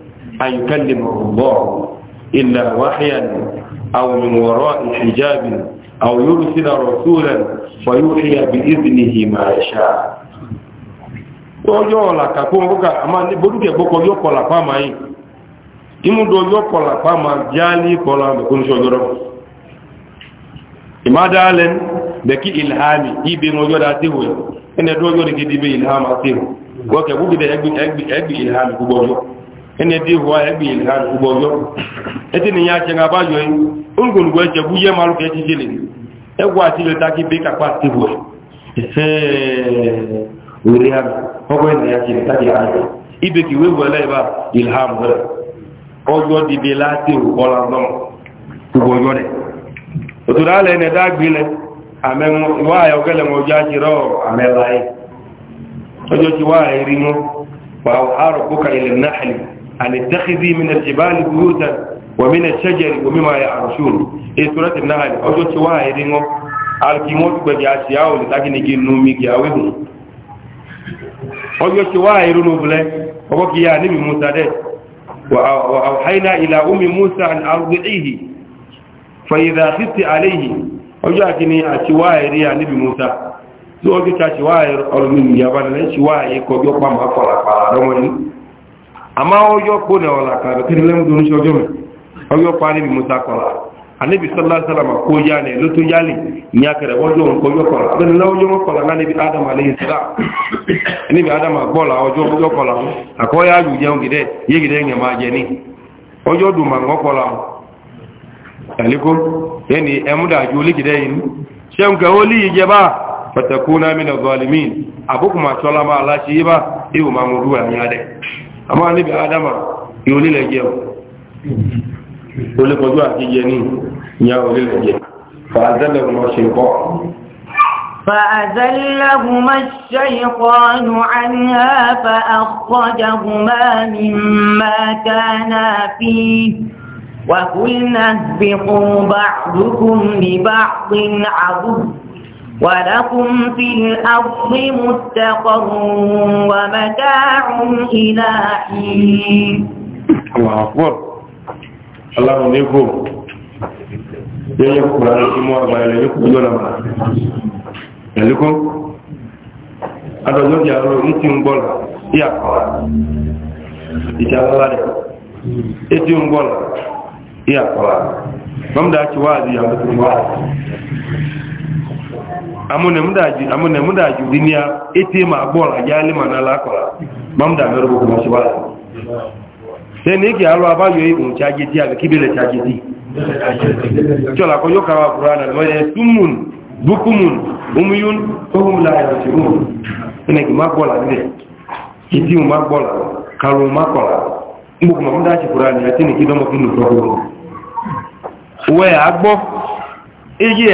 أن يكلمه الله إلا وحيا أو من وراء حجاب أو يرسل رسولا فيوحي بإذنه ما يشاء ẹgbì ìlhàmì gbogbo ọjọ́ ene di huwa ebi ilhan uboyo eti ni ya jenga ba yo e. ungun gwe je buye malu ke jijile e gwa ti le taki be ka ti se uri ha ogo e ni ya ibe ki we wala ba ilham di be la ti no le ne da wa ya ogele mo ja jiro lai ojo ti wa e wa nahli أن اتخذي من الجبال بيوتا ومن الشجر ومما يعرشون إيه سورة النهل أجو تواهي رينو الكيموت بجي أشياء ولتاكي نجي نومي جاوه أجو تواهي رونو بلي وقوك يا نبي موسى ده وأوحينا إلى أم موسى أن أرضعيه فإذا خفت عليه أجو أكني أتواهي ريا نبي موسى لو أجو تواهي رونو يابانا شواهي كوبيو قام أفضل أفضل àmá ọjọ́ kó ní ọ̀la kàrò kí ní lẹ́mú tó ní ṣọjọ́ mi ọjọ́ pa níbi musa kọ̀la àníbi sọ́lá sálàmà kó yá ni ló tó yá lè ní akẹrẹ ọjọ́ òun kọjọ́ kọ̀la bẹ́ẹ̀ ni ọjọ́ kọ̀la náà níbi adam alẹ́ sọ́lá níbi adam àgbọ́la ọjọ́ ọjọ́ kọ̀la àkọ́yá yù jẹun gidẹ yé gidẹ yẹn máa jẹ ní ọjọ́ dùn mà ńkọ́ kọ̀la ẹ̀lẹ́kọ́ yẹni ẹmúdàjú olígidẹ yìí ṣẹ́un kẹ́ ó àmọ́ níbi adama yóò lílẹ̀ jẹ́ o lè kọjú àti jẹ ní ìyá ò lílẹ̀ jẹ́ fàázẹ́lẹ̀ ọmọ ṣe kọ́ فأذلهما الشيطان عنها فأخرجهما مما كانا فيه وقلنا اهبطوا بعضكم لبعض عدو ولكم في الأرض مستقر ومتاع إلى حين الله أكبر الله نيكو يا يكبر على الإمور ما يليكو يولا ما يليكو هذا يوجد على إتيم بولا يا أكبر إتيم بولا إتيم بولا يا أكبر ممدأ شوازي يا مطلوب amune muda ju dunia eti ma bola jali ma la ko mamda mero ko mo siba se ni ki alo aba yo ibu chaji aga kibele chaji ti chola ko yo wa qur'an mo ye sumun bukumun umyun hum la yasirun ki ma iti ma ma ya tini ki do mo kinu ko we agbo eje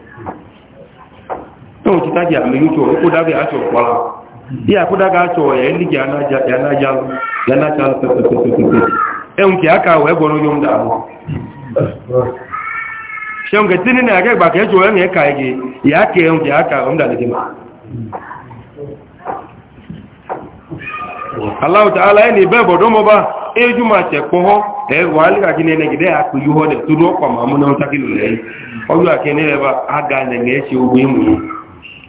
tó ti tájì àmì yóò kó dábẹ̀ aṣọ pọ̀lá bí àkódága aṣọ ẹ̀ nígi yanájá pẹ̀pẹ̀pẹ̀pẹ̀ ẹun kì á ká ọ̀ ẹgbọ̀n yóò dàmú ṣeun kẹ tí nínú àgẹ́gbà kẹjọ ẹ̀yìn ẹ̀ka ẹ̀gẹ̀ ìyá ẹun kì á ká ọmọdà lè họ́ dẹ̀ tó ọjọ́ ṣe ogun ìmú yìí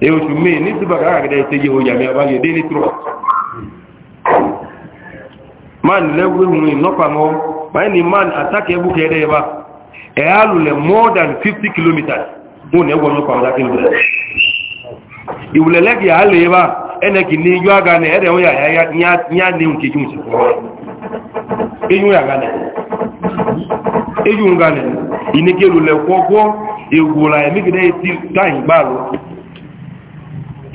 e oṣù mẹ́ẹ̀ ní síbà káàkiri ẹ̀ṣẹ́ yẹ̀wò yàmì àbáyé dé ní trọ́t man lẹ́wọ́n ìnọ́pàmọ́ báyìí ni man attack ẹbú kẹ́ẹ̀dẹ́ ẹ̀bá ẹ̀ e á lulẹ̀ more than 50 kilometers ó aga ní ẹ̀rẹ̀ òyà yá ní òkè jù sí fún ẹ̀yún yà ganẹ̀ ẹ̀yún ganẹ̀ ìníkẹ́ lulẹ̀ kọ́kọ́ ègbò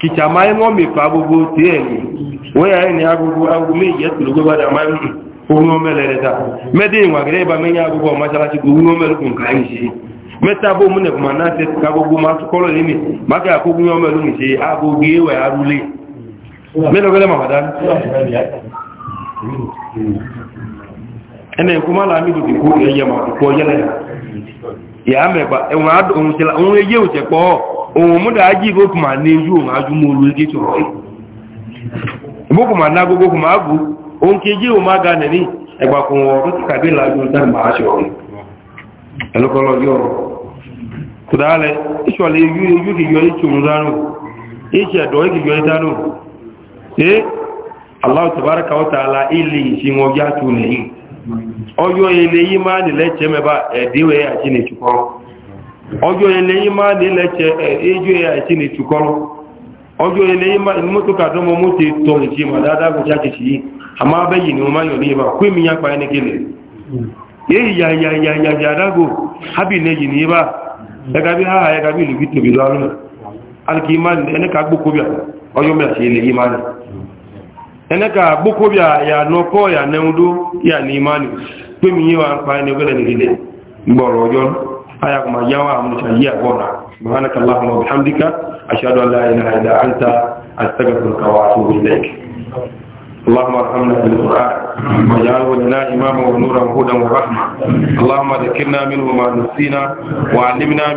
kìtà máa ń wọ́n mi pa gbogbo tí ẹ̀ ní wọ́n yà ní agogo agogo méjì ẹ̀ tìlú gbogbo àdá máa ń ohun ọmọ ẹlẹ́rẹ́ ta mẹ́dé ìwà agogo ọmọ aṣáláṣí gbogbo ohun ọmọ ẹlẹ́kùn ká ń ṣe mẹ́ta bó múnẹ̀ kùmà náà ṣe ká gbogbo máa tún kọ́lọ̀ agogo ya mekwa e onwe ye igbo ma na-eju onwe olu chọrọ igbo ma na-agụgụ ma agụ onke ji ụmụ aga na-eri ọrụ ka gị lagị ụta mgbe a chọrọ gị ọrụ kụdalị ịchọrọ eyu eyu gị yọ iche onwe anụ iche dọọ gị yọ ịta anụ ee allah ta'ala ili tụ na ọjọ́ ilẹ̀ yìí máa nílẹ́ẹ̀ṣẹ́ mẹ́bá ẹ̀díwẹ̀ àti nìtukọ́rọ́ ọjọ́ ilẹ̀ yìí máa nílẹ́ẹ̀ṣẹ́ ẹjọ́ àti nìtukọ́rọ́ ọjọ́ ilẹ̀ yìí máa mọ́tò kàtọ́mọ́ mọ́tò tọ́ ìṣe màdáadáa kò ṣàkìṣì yìí àmọ́ abẹ́yìn ni Ya máa ya ya ya kó èmi yàn a. Ega máa eneka gbokobia ya nọkọ ya neudo ya n'imani pemi ye wa nkpa ne wele nilile gbọrọ ọjọ aya kuma ya wa amusa yi agbo na subhanaka allahumma wa bihamdika ashhadu an la ilaha illa anta astaghfiruka wa atubu